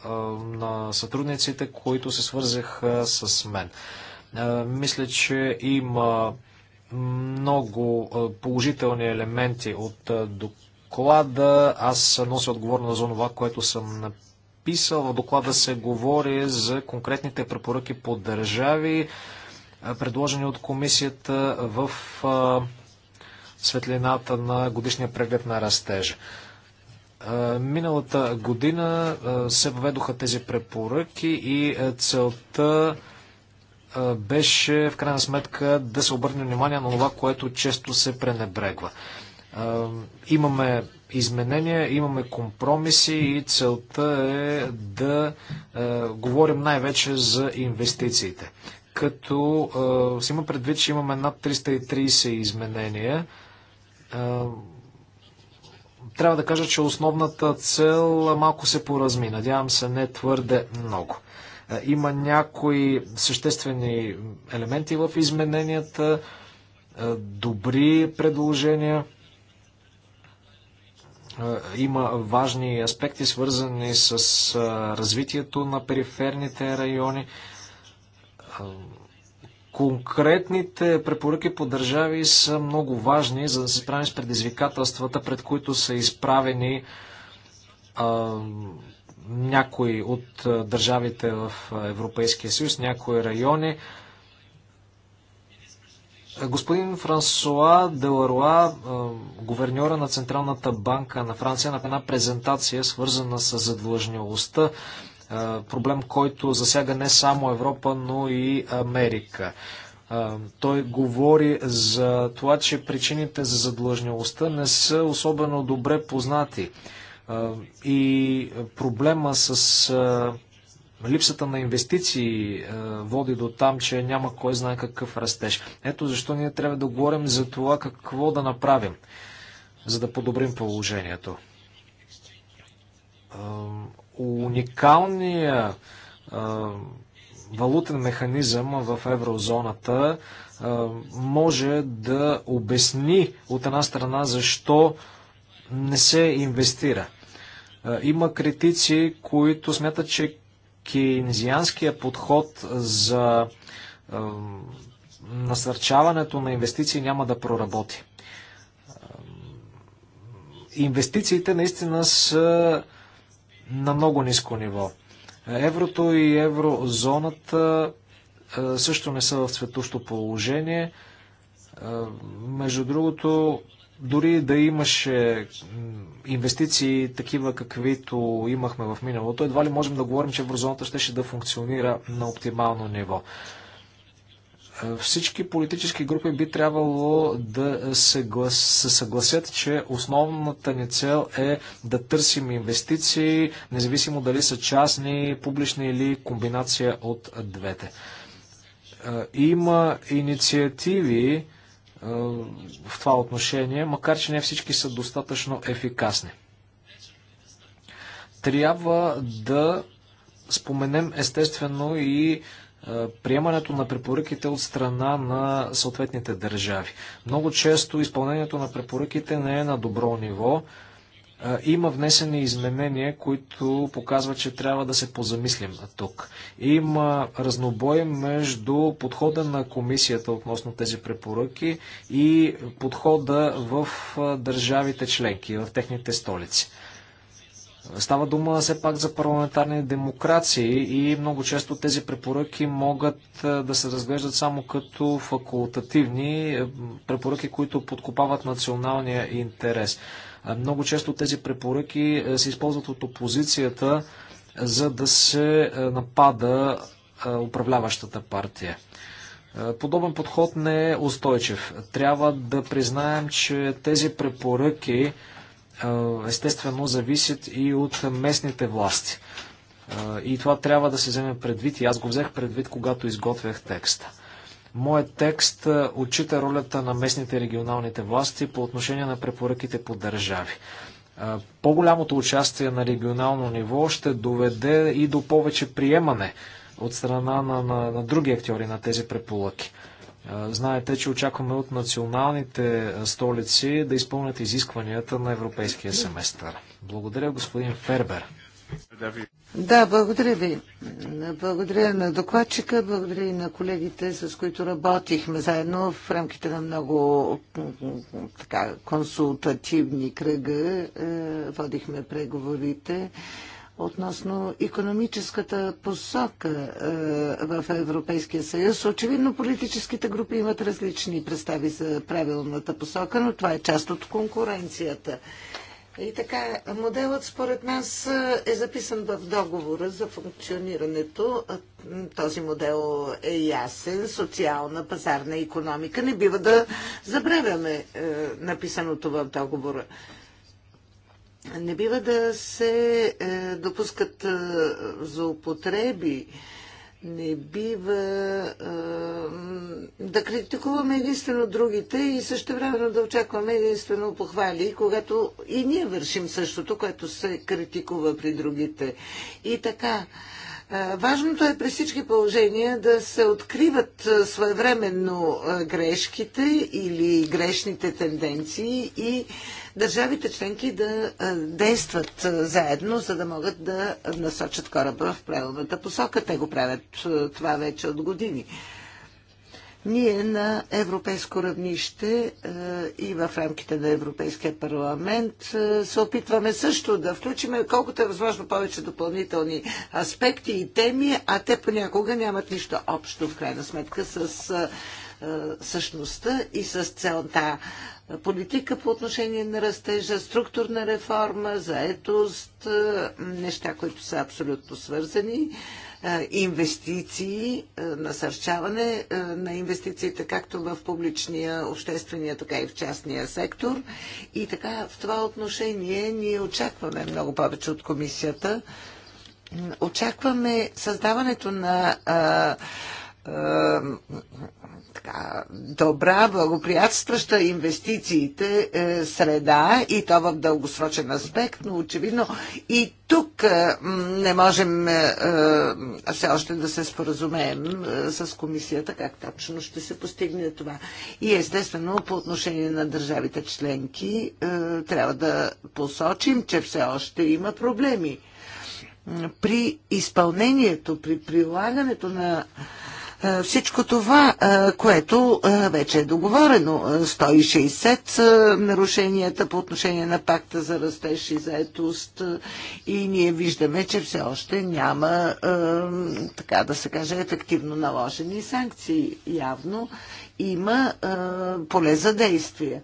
на сътрудниците, които се свързаха с мен. Мисля, че има много положителни елементи от доклада. Аз нося отговорно за това, което съм написал. В доклада се говори за конкретните препоръки по държави е, предложени от комисията в е, светлината на годишния преглед на растежа. Е, миналата година се въведоха тези препоръки и целта беше в крайна сметка да се обърне внимание на това, което често се пренебрегва. Имаме изменения, имаме компромиси и целта е да говорим най-вече за инвестициите като си има предвид, че имаме над 330 изменения. трябва да кажа, че основната цел малко се поразми. Надявам се не твърде много. има някои съществени елементи в измененията, добри предложения има важни аспекти, свързани с развитието на периферните райони. Конкретните препоръки по държави са много важни, за да се справим с предизвикателствата, пред които са изправени а, някои от държавите в Европейския съюз, някои райони. Господин Франсуа Деларуа, говерньора на Централната банка на Франция, на една презентация, свързана с задлъжнялостта е, проблем, който засяга не само Европа, но и Америка. Е, той говори за това, че причините за задлъжнялостта не са особено добре познати. Е, и проблема с липсата на инвестиции води до там, че няма кой знае какъв растеж. Ето защо ние трябва да говорим за това какво да направим, за да подобрим положението уникалния валутен механизъм в еврозоната може да обясни от една страна защо не се инвестира. Има критици, които смятат, че кейнзианския подход за насърчаването на инвестиции няма да проработи. Инвестициите наистина са на много ниско ниво. Еврото и еврозоната е, също не са в цветущо положение. Е, между другото, дори да имаше инвестиции такива, каквито имахме в миналото, едва ли можем да говорим, че еврозоната ще, ще да функционира на оптимално ниво. Е, всички политически групи би трябвало да се, глас... се съгласят, че основната ни цел е да търсим инвестиции, независимо дали са частни, публични или комбинация от двете. Е, има инициативи е, в това отношение, макар че не всички са достатъчно ефикасни. Трябва да споменем естествено и приемането на препоръките от страна на съответните държави. Много често изпълнението на препоръките не е на добро ниво. Има внесени изменения, които показват, че трябва да се позамислим тук. Има разнобой между подхода на комисията относно тези препоръки и подхода в държавите членки, в техните столици. Става дума все пак за парламентарни демокрации и много често тези препоръки могат е, да се разглеждат само като факултативни е, препоръки, които подкопават националния интерес. Е, много често тези препоръки се използват от опозицията, за да се напада управляващата партия. Подобен подход не е устойчив. Трябва да признаем, че тези препоръки естествено зависят и от местните власти. И това трябва да се вземе предвид и аз го взех предвид, когато изготвях текста. Моят текст отчита ролята на местните и регионалните власти по отношение на препоръките по държави. По-голямото участие на регионално ниво ще доведе и до повече приемане от страна на, на, на други актьори на тези препоръки. Знаете, че очакваме от националните столици да изпълнят изискванията на европейския семестър. Благодаря, господин Фербер. Да, благодаря ви. Благодаря на докладчика, благодаря и на колегите, с които работихме заедно в рамките на много така, консултативни кръга. Е, водихме преговорите относно економическата посока е, в Европейския съюз. Очевидно политическите групи имат различни представи за правилната посока, но това е част от конкуренцията. И така, моделът според нас е записан в договора за функционирането. Този модел е ясен, социална, пазарна економика. Не бива да забравяме е, написаното в договора. Не бива да се е, допускат е, злоупотреби. Не бива е, да критикуваме единствено другите и също времено да очакваме единствено похвали, когато и ние вършим същото, което се критикува при другите. И така, е, важното е при всички положения да се откриват е, своевременно е, грешките или грешните тенденции и държавите членки да действат заедно, за да могат да насочат кораба в правилната посока. Те го правят това вече от години. Ние на европейско равнище е, и в рамките на Европейския парламент е, се опитваме също да включим колкото е възможно повече допълнителни аспекти и теми, а те понякога нямат нищо общо в крайна сметка с е, същността и с целта. Политика по отношение на растежа, структурна реформа, заетост, неща, които са абсолютно свързани. Е, инвестиции, е, насърчаване е, на инвестициите както в публичния, обществения, така и в частния сектор. И така в това отношение ние очакваме много повече от комисията. Очакваме създаването на така добра, благоприятстваща инвестициите е, среда и то в дългосрочен аспект, но очевидно и тук е, не можем е, е, все още да се споразумеем е, с комисията как точно ще се постигне това. И естествено по отношение на държавите членки е, трябва да посочим, че все още има проблеми при изпълнението, при прилагането на е, всичко това, е, което е, вече е договорено, 160 нарушенията по отношение на пакта за растеж и заетост и ние виждаме, че все още няма, така да се каже, ефективно наложени санкции. Явно има поле за действие.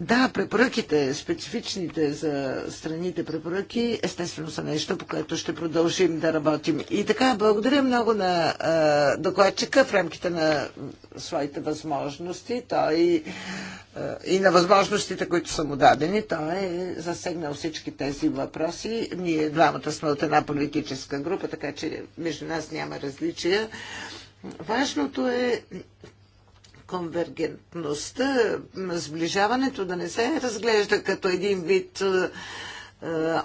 Да, препоръките, специфичните за страните препоръки, естествено са нещо, по което ще продължим да работим. И така, благодаря много на а, докладчика в рамките на своите възможности. Той а, и на възможностите, които са му дадени. Той е засегнал всички тези въпроси. Ние двамата сме от една политическа група, така че между нас няма различия. Важното е конвергентността, сближаването да не се разглежда като един вид е, е,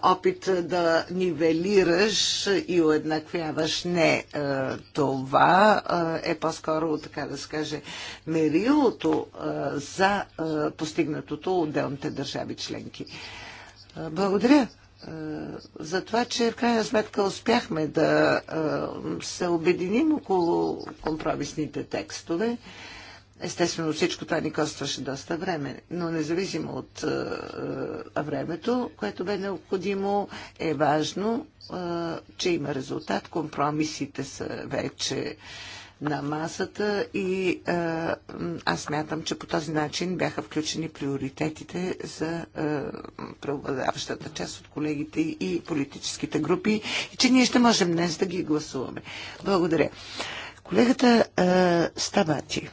опит да нивелираш и уеднаквяваш. Не, е, това е по-скоро, така да се каже, мерилото за постигнатото отделните държави членки. Благодаря за това, че в крайна сметка успяхме да се обединим около компромисните текстове. Естествено, всичко това ни костваше доста време, но независимо от а, е, а, е, времето, което бе необходимо, е важно, а, е, че има резултат. Компромисите са вече на масата и а, аз мятам, че по този начин бяха включени приоритетите за е, преобладаващата част от колегите и политическите групи и че ние ще можем днес да ги гласуваме. Благодаря. Колегата е, Ставати.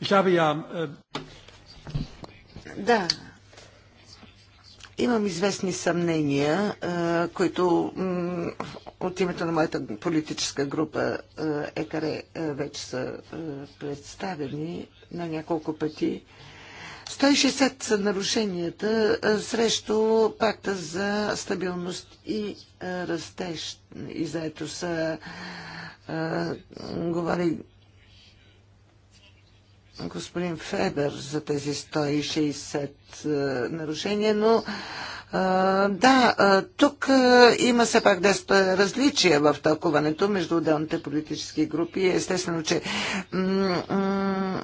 Ich habe ja... Äh, да. Имам известни съмнения, които от името на моята политическа група ЕКАРЕ вече са представени на няколко пъти. 160 са нарушенията срещу пакта за стабилност и растеж. И заето са говори господин Фебер за тези 160 е, нарушения, но да, тук има все пак доста различия в тълкуването между отделните политически групи. Естествено, че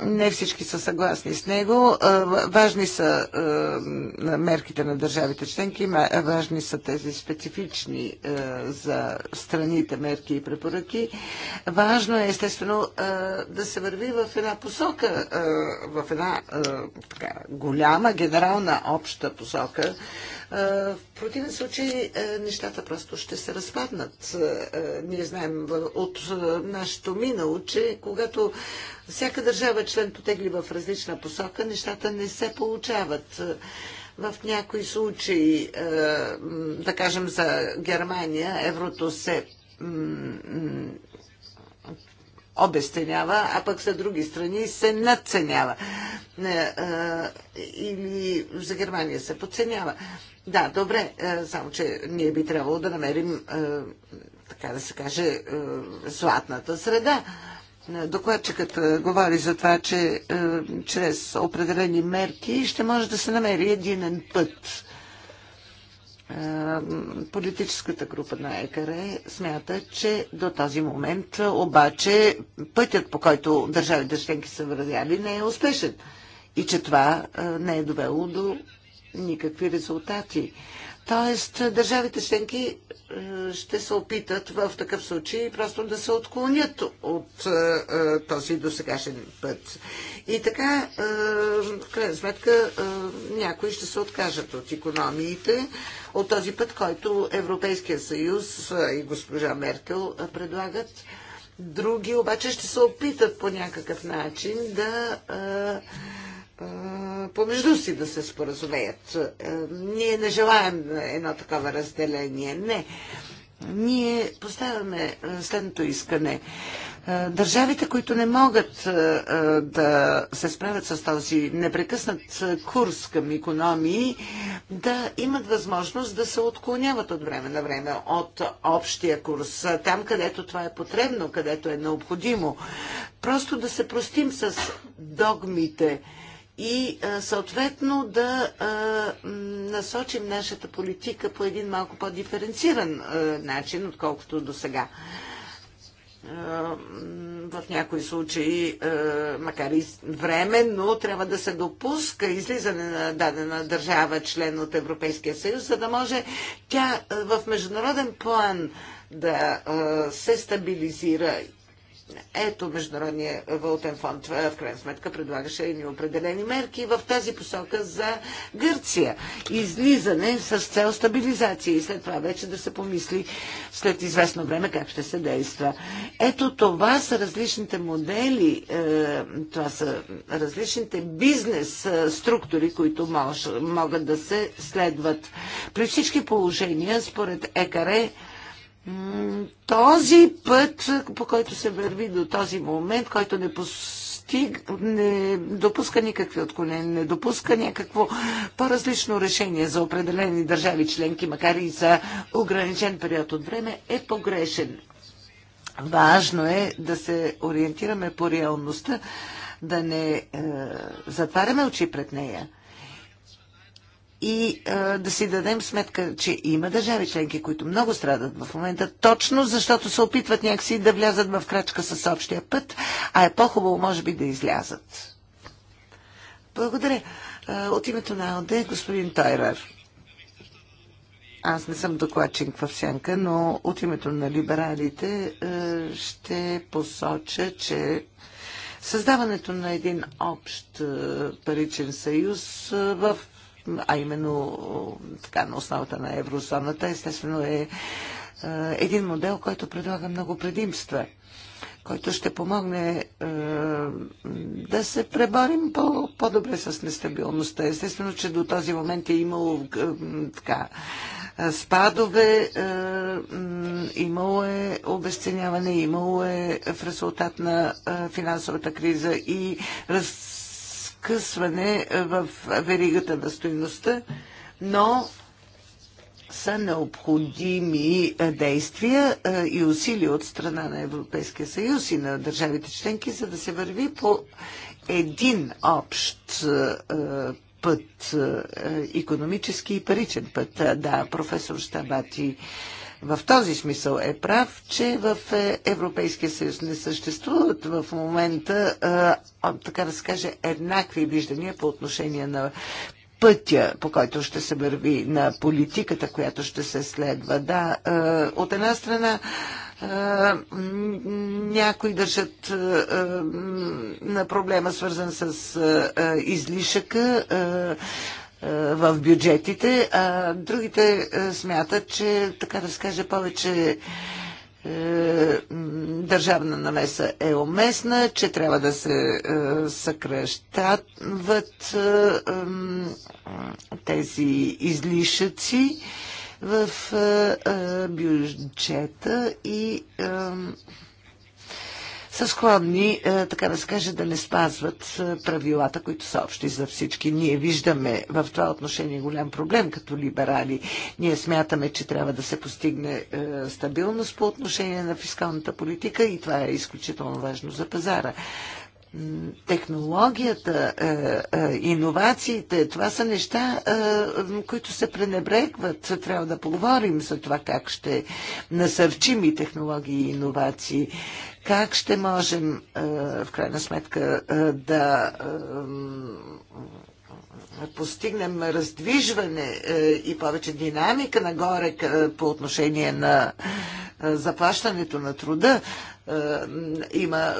не всички са съгласни с него. Важни са мерките на държавите членки, важни са тези специфични за страните мерки и препоръки. Важно е, естествено, да се върви в една посока, в една така, голяма, генерална, обща посока, в противен случай нещата просто ще се разпаднат. Ние знаем от нашето минало, че когато всяка държава е член потегли в различна посока, нещата не се получават. В някои случаи, да кажем за Германия, еврото се обесценява, а пък за други страни се надценява. Е, е, или за Германия се подценява. Да, добре, е, само че ние би трябвало да намерим, така да се каже, златната среда. Докладчикът говори за това, че чрез определени мерки ще може да се намери единен път Политическата група на ЕКР смята, че до този момент обаче пътят по който държавите членки са вървяли не е успешен и че това не е довело до никакви резултати. Тоест, държавите членки ще се опитат в такъв случай просто да се отклонят от е, е, този досегашен път. И така, е, в крайна сметка, някои ще се откажат от економиите, от този път, който Европейския съюз и госпожа Меркел предлагат. Други обаче ще се опитат по някакъв начин да помежду си да се споразумеят. Ние не желаем едно такова разделение. Не. Ние поставяме следното искане. Държавите, които не могат да се справят с този непрекъснат курс към економии, да имат възможност да се отклоняват от време на време от общия курс, там където това е потребно, където е необходимо. Просто да се простим с догмите и съответно да насочим нашата политика по един малко по-диференциран начин, отколкото до сега. В някои случаи, макар и временно, трябва да се допуска излизане на дадена държава, член от Европейския съюз, за да може тя в международен план да се стабилизира ето Международния валутен фонд в крайна сметка предлагаше и определени мерки в тази посока за Гърция. Излизане с цел стабилизация и след това вече да се помисли след известно време как ще се действа. Ето това са различните модели, е, това са различните бизнес е, структури, които могат да се следват. При всички положения, според ЕКАРЕ, този път, по който се върви до този момент, който не постиг, не допуска никакви отклонения, не допуска някакво по-различно решение за определени държави членки, макар и за ограничен период от време, е погрешен. Важно е да се ориентираме по реалността, да не е, затваряме очи пред нея и а, да си дадем сметка, че има държави членки, които много страдат в момента, точно защото се опитват някакси да влязат в крачка с общия път, а е по-хубаво, може би, да излязат. Благодаря. От името на ОД, господин Тойрар. Аз не съм докладчик в сянка, но от името на либералите ще посоча, че Създаването на един общ паричен съюз в а именно така, на основата на еврозоната, естествено е, е един модел, който предлага много предимства който ще помогне е, да се преборим по, по-добре с нестабилността. Естествено, че до този момент е имало е, така, спадове, е, имало е обесценяване, имало е в резултат на е, финансовата криза и раз скъсване е, в е, веригата на стоеността, но са необходими е, действия и усилия от страна на Европейския съюз и на държавите членки, за да се върви по един общ път, економически и паричен път. Да, професор Штабати в този смисъл е прав, че в е, Европейския съюз не съществуват в момента, така да се каже, еднакви виждания по отношение на пътя, по който ще се върви, на политиката, която ще се следва. Да, от една страна някои държат на проблема, свързан с излишъка е, в бюджетите, а другите е, смятат, че, така да скажа повече е, държавна намеса е уместна, че трябва да се съкръщават тези излишъци в бюджета и са склонни, е, така да се каже, да не спазват е, правилата, които са общи за всички. Ние виждаме в това отношение голям проблем като либерали. Ние смятаме, че трябва да се постигне е, стабилност по отношение на фискалната политика и това е изключително важно за пазара технологията, иновациите, това са неща, които се пренебрегват. Трябва да поговорим за това как ще насърчим и технологии и иновации. Как ще можем е, в крайна сметка е, да е, постигнем раздвижване е, и повече динамика нагоре е, по отношение на е, заплащането на труда, има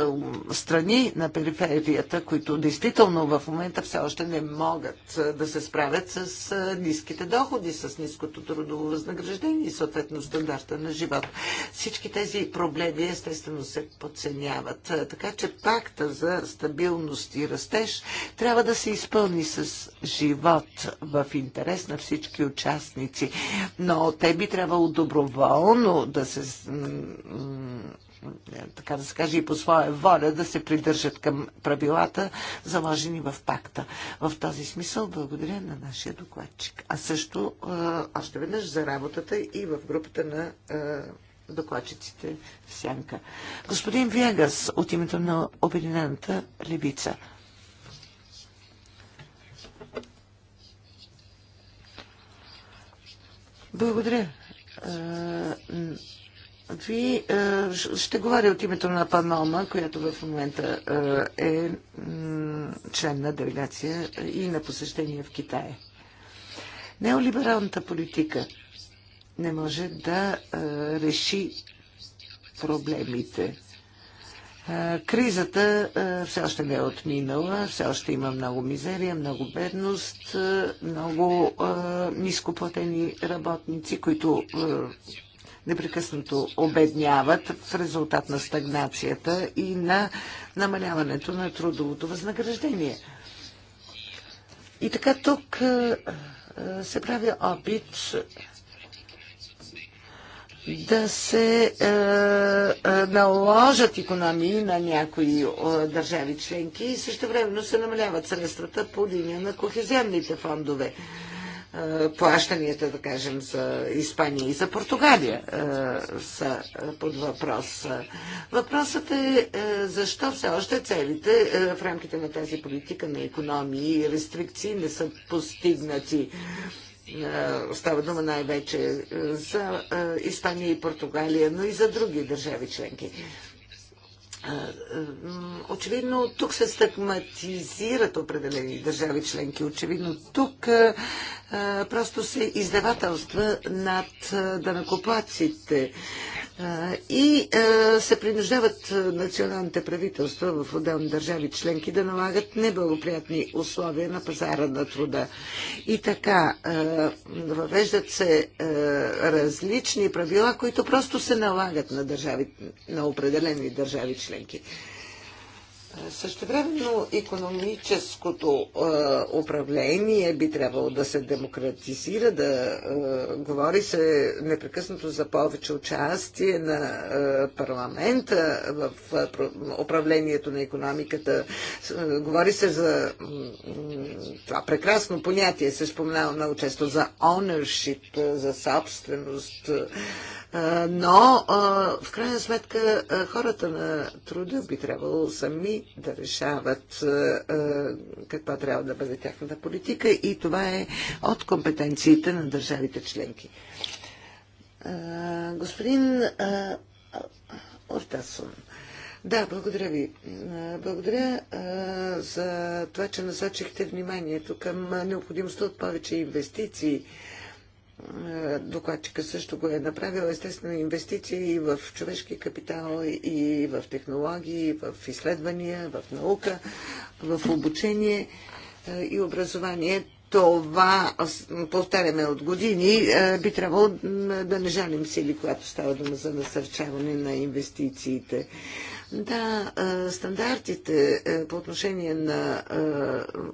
страни на периферията, които действително в момента все още не могат да се справят с ниските доходи, с ниското трудово възнаграждение и съответно стандарта на живота. Всички тези проблеми естествено се подценяват. Така че пакта за стабилност и растеж трябва да се изпълни с живот в интерес на всички участници. Но те би трябвало доброволно да се така да се каже, и по своя воля да се придържат към правилата, заложени в пакта. В този смисъл благодаря на нашия докладчик. А също още веднъж за работата и в групата на докладчиците в Сянка. Господин Вегас от името на Обединената левица. Благодаря. Ви ще говоря от името на Панома, която в момента е член на делегация и на посещение в Китай. Неолибералната политика не може да реши проблемите. Кризата все още не е отминала, все още има много мизерия, много бедност, много нископлатени работници, които непрекъснато обедняват в резултат на стагнацията и на намаляването на трудовото възнаграждение. И така тук се прави опит да се е, е наложат економии на някои е, държави членки и също времено се намаляват средствата по линия на кохезионните фондове. Е, плащанията, да кажем, за Испания и за Португалия е, са под въпрос. Въпросът е, е защо все още целите е, в рамките на тази политика на економии и рестрикции не са постигнати. Е, е, става дума най-вече за е, Испания и Португалия, но и за други държави членки. Е, очевидно тук се стагматизират определени държави членки. Очевидно тук просто се издавателства над данакоплаците. Да и се принуждават националните правителства в отделни държави членки да налагат неблагоприятни условия на пазара на труда. И така, въвеждат се различни правила, които просто се налагат на, държави, на определени държави членки. Същевременно економическото е, управление би трябвало да се демократизира, да е, говори се непрекъснато за повече участие на е, парламента в е, управлението на економиката. Е, говори се за това прекрасно понятие, се споменава много често за ownership, е, за собственост. Е, но, в крайна сметка, хората на труда би трябвало сами да решават каква трябва да бъде тяхната политика и това е от компетенциите на държавите членки. Господин Ортасон, да, благодаря ви. Благодаря за това, че насочихте вниманието към необходимостта от повече инвестиции докладчика също го е направил. Естествено, инвестиции и в човешки капитал, и в технологии, и в изследвания, в наука, в обучение и образование. Това, повтаряме от години, би трябвало да не жалим сили, когато става дума за насърчаване на инвестициите. Да, стандартите по отношение на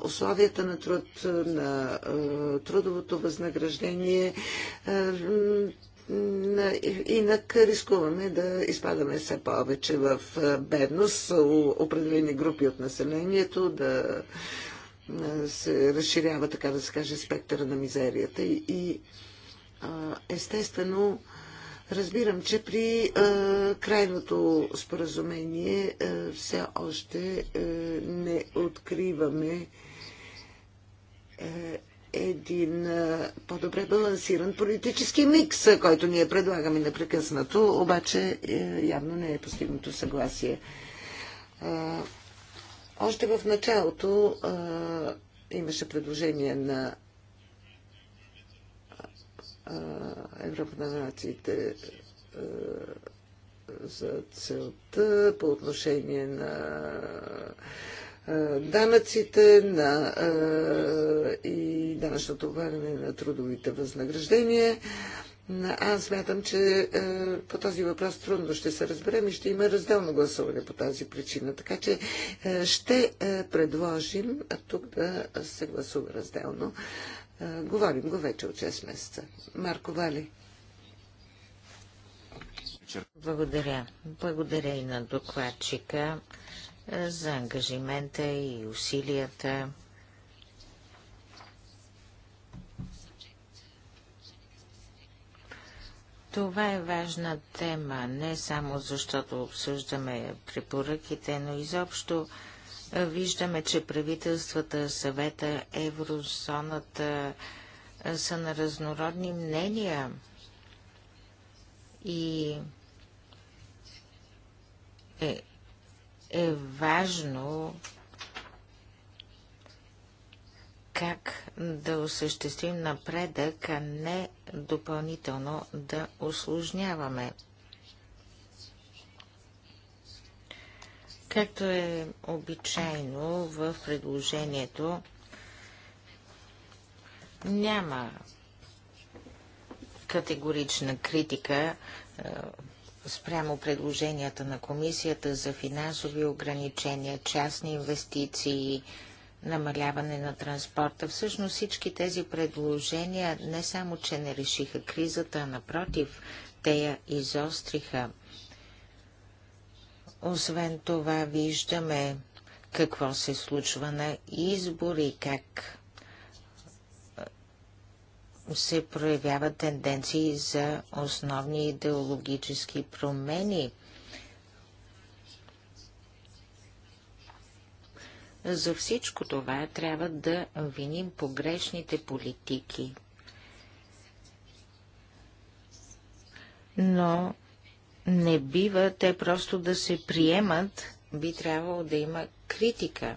условията на труд, на трудовото възнаграждение, Инак рискуваме да изпадаме все повече в бедност, определени групи от населението да се разширява, така да се каже, спектъра на мизерията и естествено Разбирам, че при е, крайното споразумение е, все още е, не откриваме е, един е, по-добре балансиран политически микс, е, който ние предлагаме непрекъснато, обаче е, явно не е постигнато съгласие. Е, още в началото е, имаше предложение на Европа на нациите за целта по отношение на данъците на, и данъчното облагане на трудовите възнаграждения. Аз смятам, че по този въпрос трудно ще се разберем и ще има разделно гласуване по тази причина. Така че ще предложим тук да се гласува разделно е, говорим го вече от 6 месеца. Марко Вали. Благодаря. Благодаря и на докладчика е, за ангажимента и усилията. Това е важна тема, не само защото обсъждаме препоръките, но изобщо Виждаме, че правителствата, съвета, еврозоната са на разнородни мнения и е, е важно как да осъществим напредък, а не допълнително да осложняваме Както е обичайно в предложението, няма категорична критика е, спрямо предложенията на Комисията за финансови ограничения, частни инвестиции, намаляване на транспорта. Всъщност всички тези предложения не само, че не решиха кризата, а напротив, те я изостриха. Освен това виждаме какво се случва на избори, как се проявяват тенденции за основни идеологически промени. За всичко това трябва да виним погрешните политики. Но не бива те просто да се приемат, би трябвало да има критика.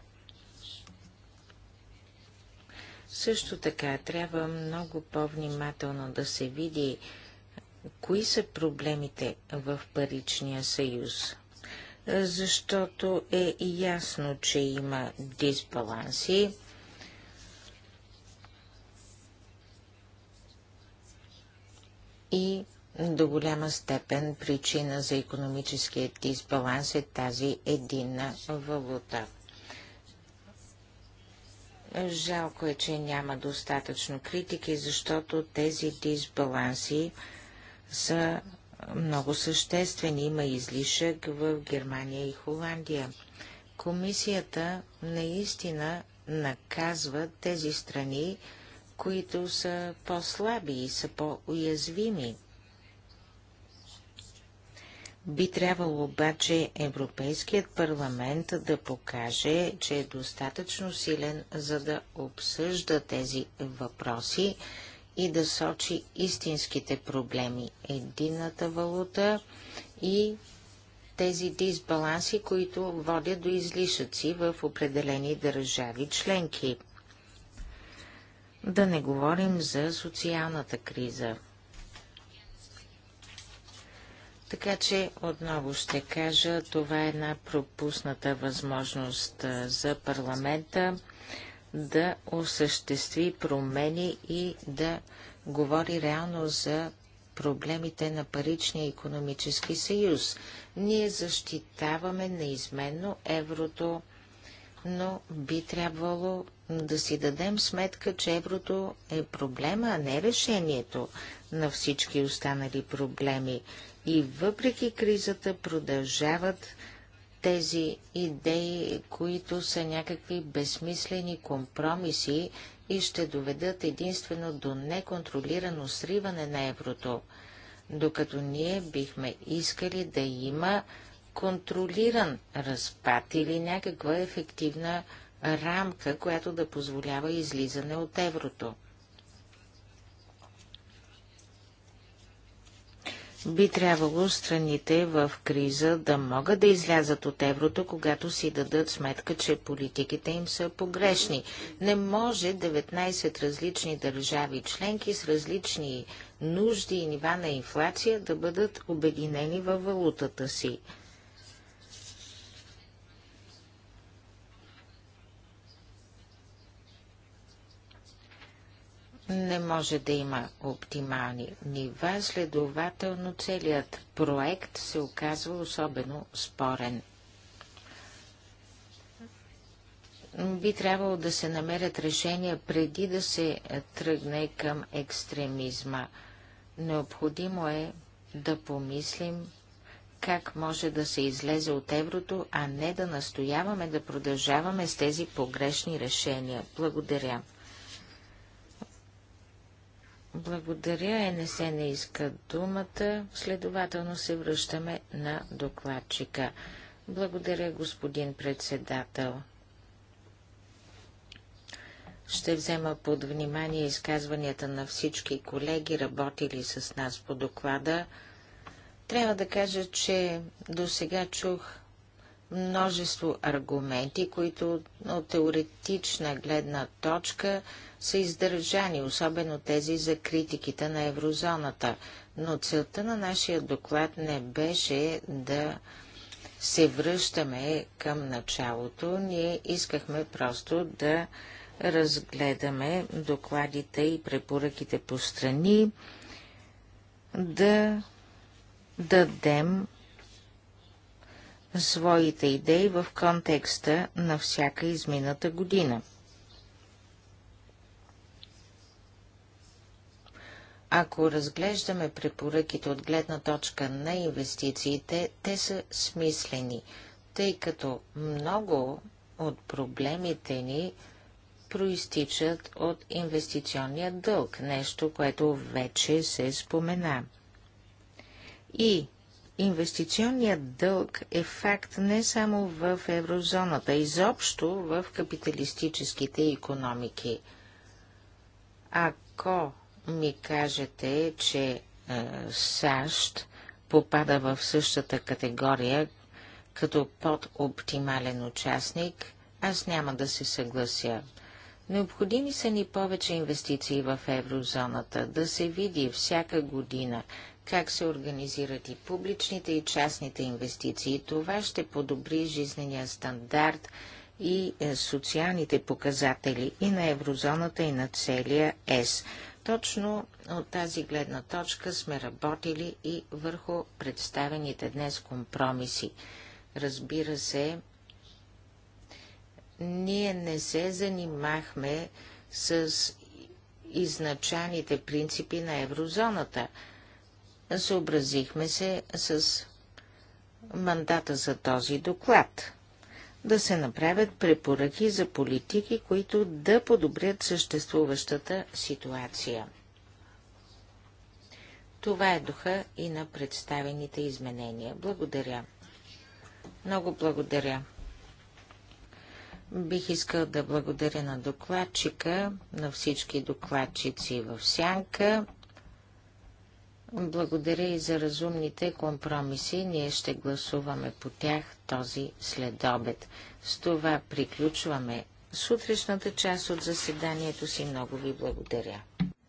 Също така трябва много по-внимателно да се види кои са проблемите в паричния съюз, защото е ясно, че има дисбаланси. И до голяма степен причина за економическия дисбаланс е тази единна валута. Жалко е, че няма достатъчно критики, защото тези дисбаланси са много съществени. Има излишък в Германия и Холандия. Комисията наистина наказва тези страни, които са по-слаби и са по-уязвими би трябвало обаче Европейският парламент да покаже, че е достатъчно силен, за да обсъжда тези въпроси и да сочи истинските проблеми. Едината валута и тези дисбаланси, които водят до излишъци в определени държави членки. Да не говорим за социалната криза – така че отново ще кажа, това е една пропусната възможност за парламента да осъществи промени и да говори реално за проблемите на паричния економически съюз. Ние защитаваме неизменно еврото, но би трябвало да си дадем сметка, че еврото е проблема, а не решението на всички останали проблеми. И въпреки кризата продължават тези идеи, които са някакви безсмислени компромиси и ще доведат единствено до неконтролирано сриване на еврото, докато ние бихме искали да има контролиран разпад или някаква ефективна рамка, която да позволява излизане от еврото. Би трябвало страните в криза да могат да излязат от еврото, когато си дадат сметка, че политиките им са погрешни. Не може 19 различни държави членки с различни нужди и нива на инфлация да бъдат обединени във валутата си. не може да има оптимални нива, следователно целият проект се оказва особено спорен. Би трябвало да се намерят решения преди да се тръгне към екстремизма. Необходимо е да помислим как може да се излезе от еврото, а не да настояваме да продължаваме с тези погрешни решения. Благодаря. Благодаря. се не иска думата. Следователно се връщаме на докладчика. Благодаря, господин председател. Ще взема под внимание изказванията на всички колеги, работили с нас по доклада. Трябва да кажа, че до сега чух множество аргументи, които от теоретична гледна точка са издържани, особено тези за критиките на еврозоната. Но целта на нашия доклад не беше да се връщаме към началото. Ние искахме просто да разгледаме докладите и препоръките по страни, да дадем своите идеи в контекста на всяка измината година. Ако разглеждаме препоръките от гледна точка на инвестициите, те са смислени, тъй като много от проблемите ни проистичат от инвестиционния дълг, нещо, което вече се спомена. И инвестиционният дълг е факт не само в еврозоната, изобщо в капиталистическите економики. Ако ми кажете, че е, САЩ попада в същата категория като подоптимален участник, аз няма да се съглася. Необходими са ни повече инвестиции в еврозоната, да се види всяка година как се организират и публичните и частните инвестиции. Това ще подобри жизнения стандарт и е, социалните показатели и на еврозоната и на целия ЕС. Точно от тази гледна точка сме работили и върху представените днес компромиси. Разбира се, ние не се занимахме с изначалните принципи на еврозоната. Съобразихме се с мандата за този доклад да се направят препоръки за политики, които да подобрят съществуващата ситуация. Това е духа и на представените изменения. Благодаря. Много благодаря. Бих искал да благодаря на докладчика, на всички докладчици в Сянка. Благодаря и за разумните компромиси. Ние ще гласуваме по тях този следобед. С това приключваме сутрешната част от заседанието си. Много ви благодаря.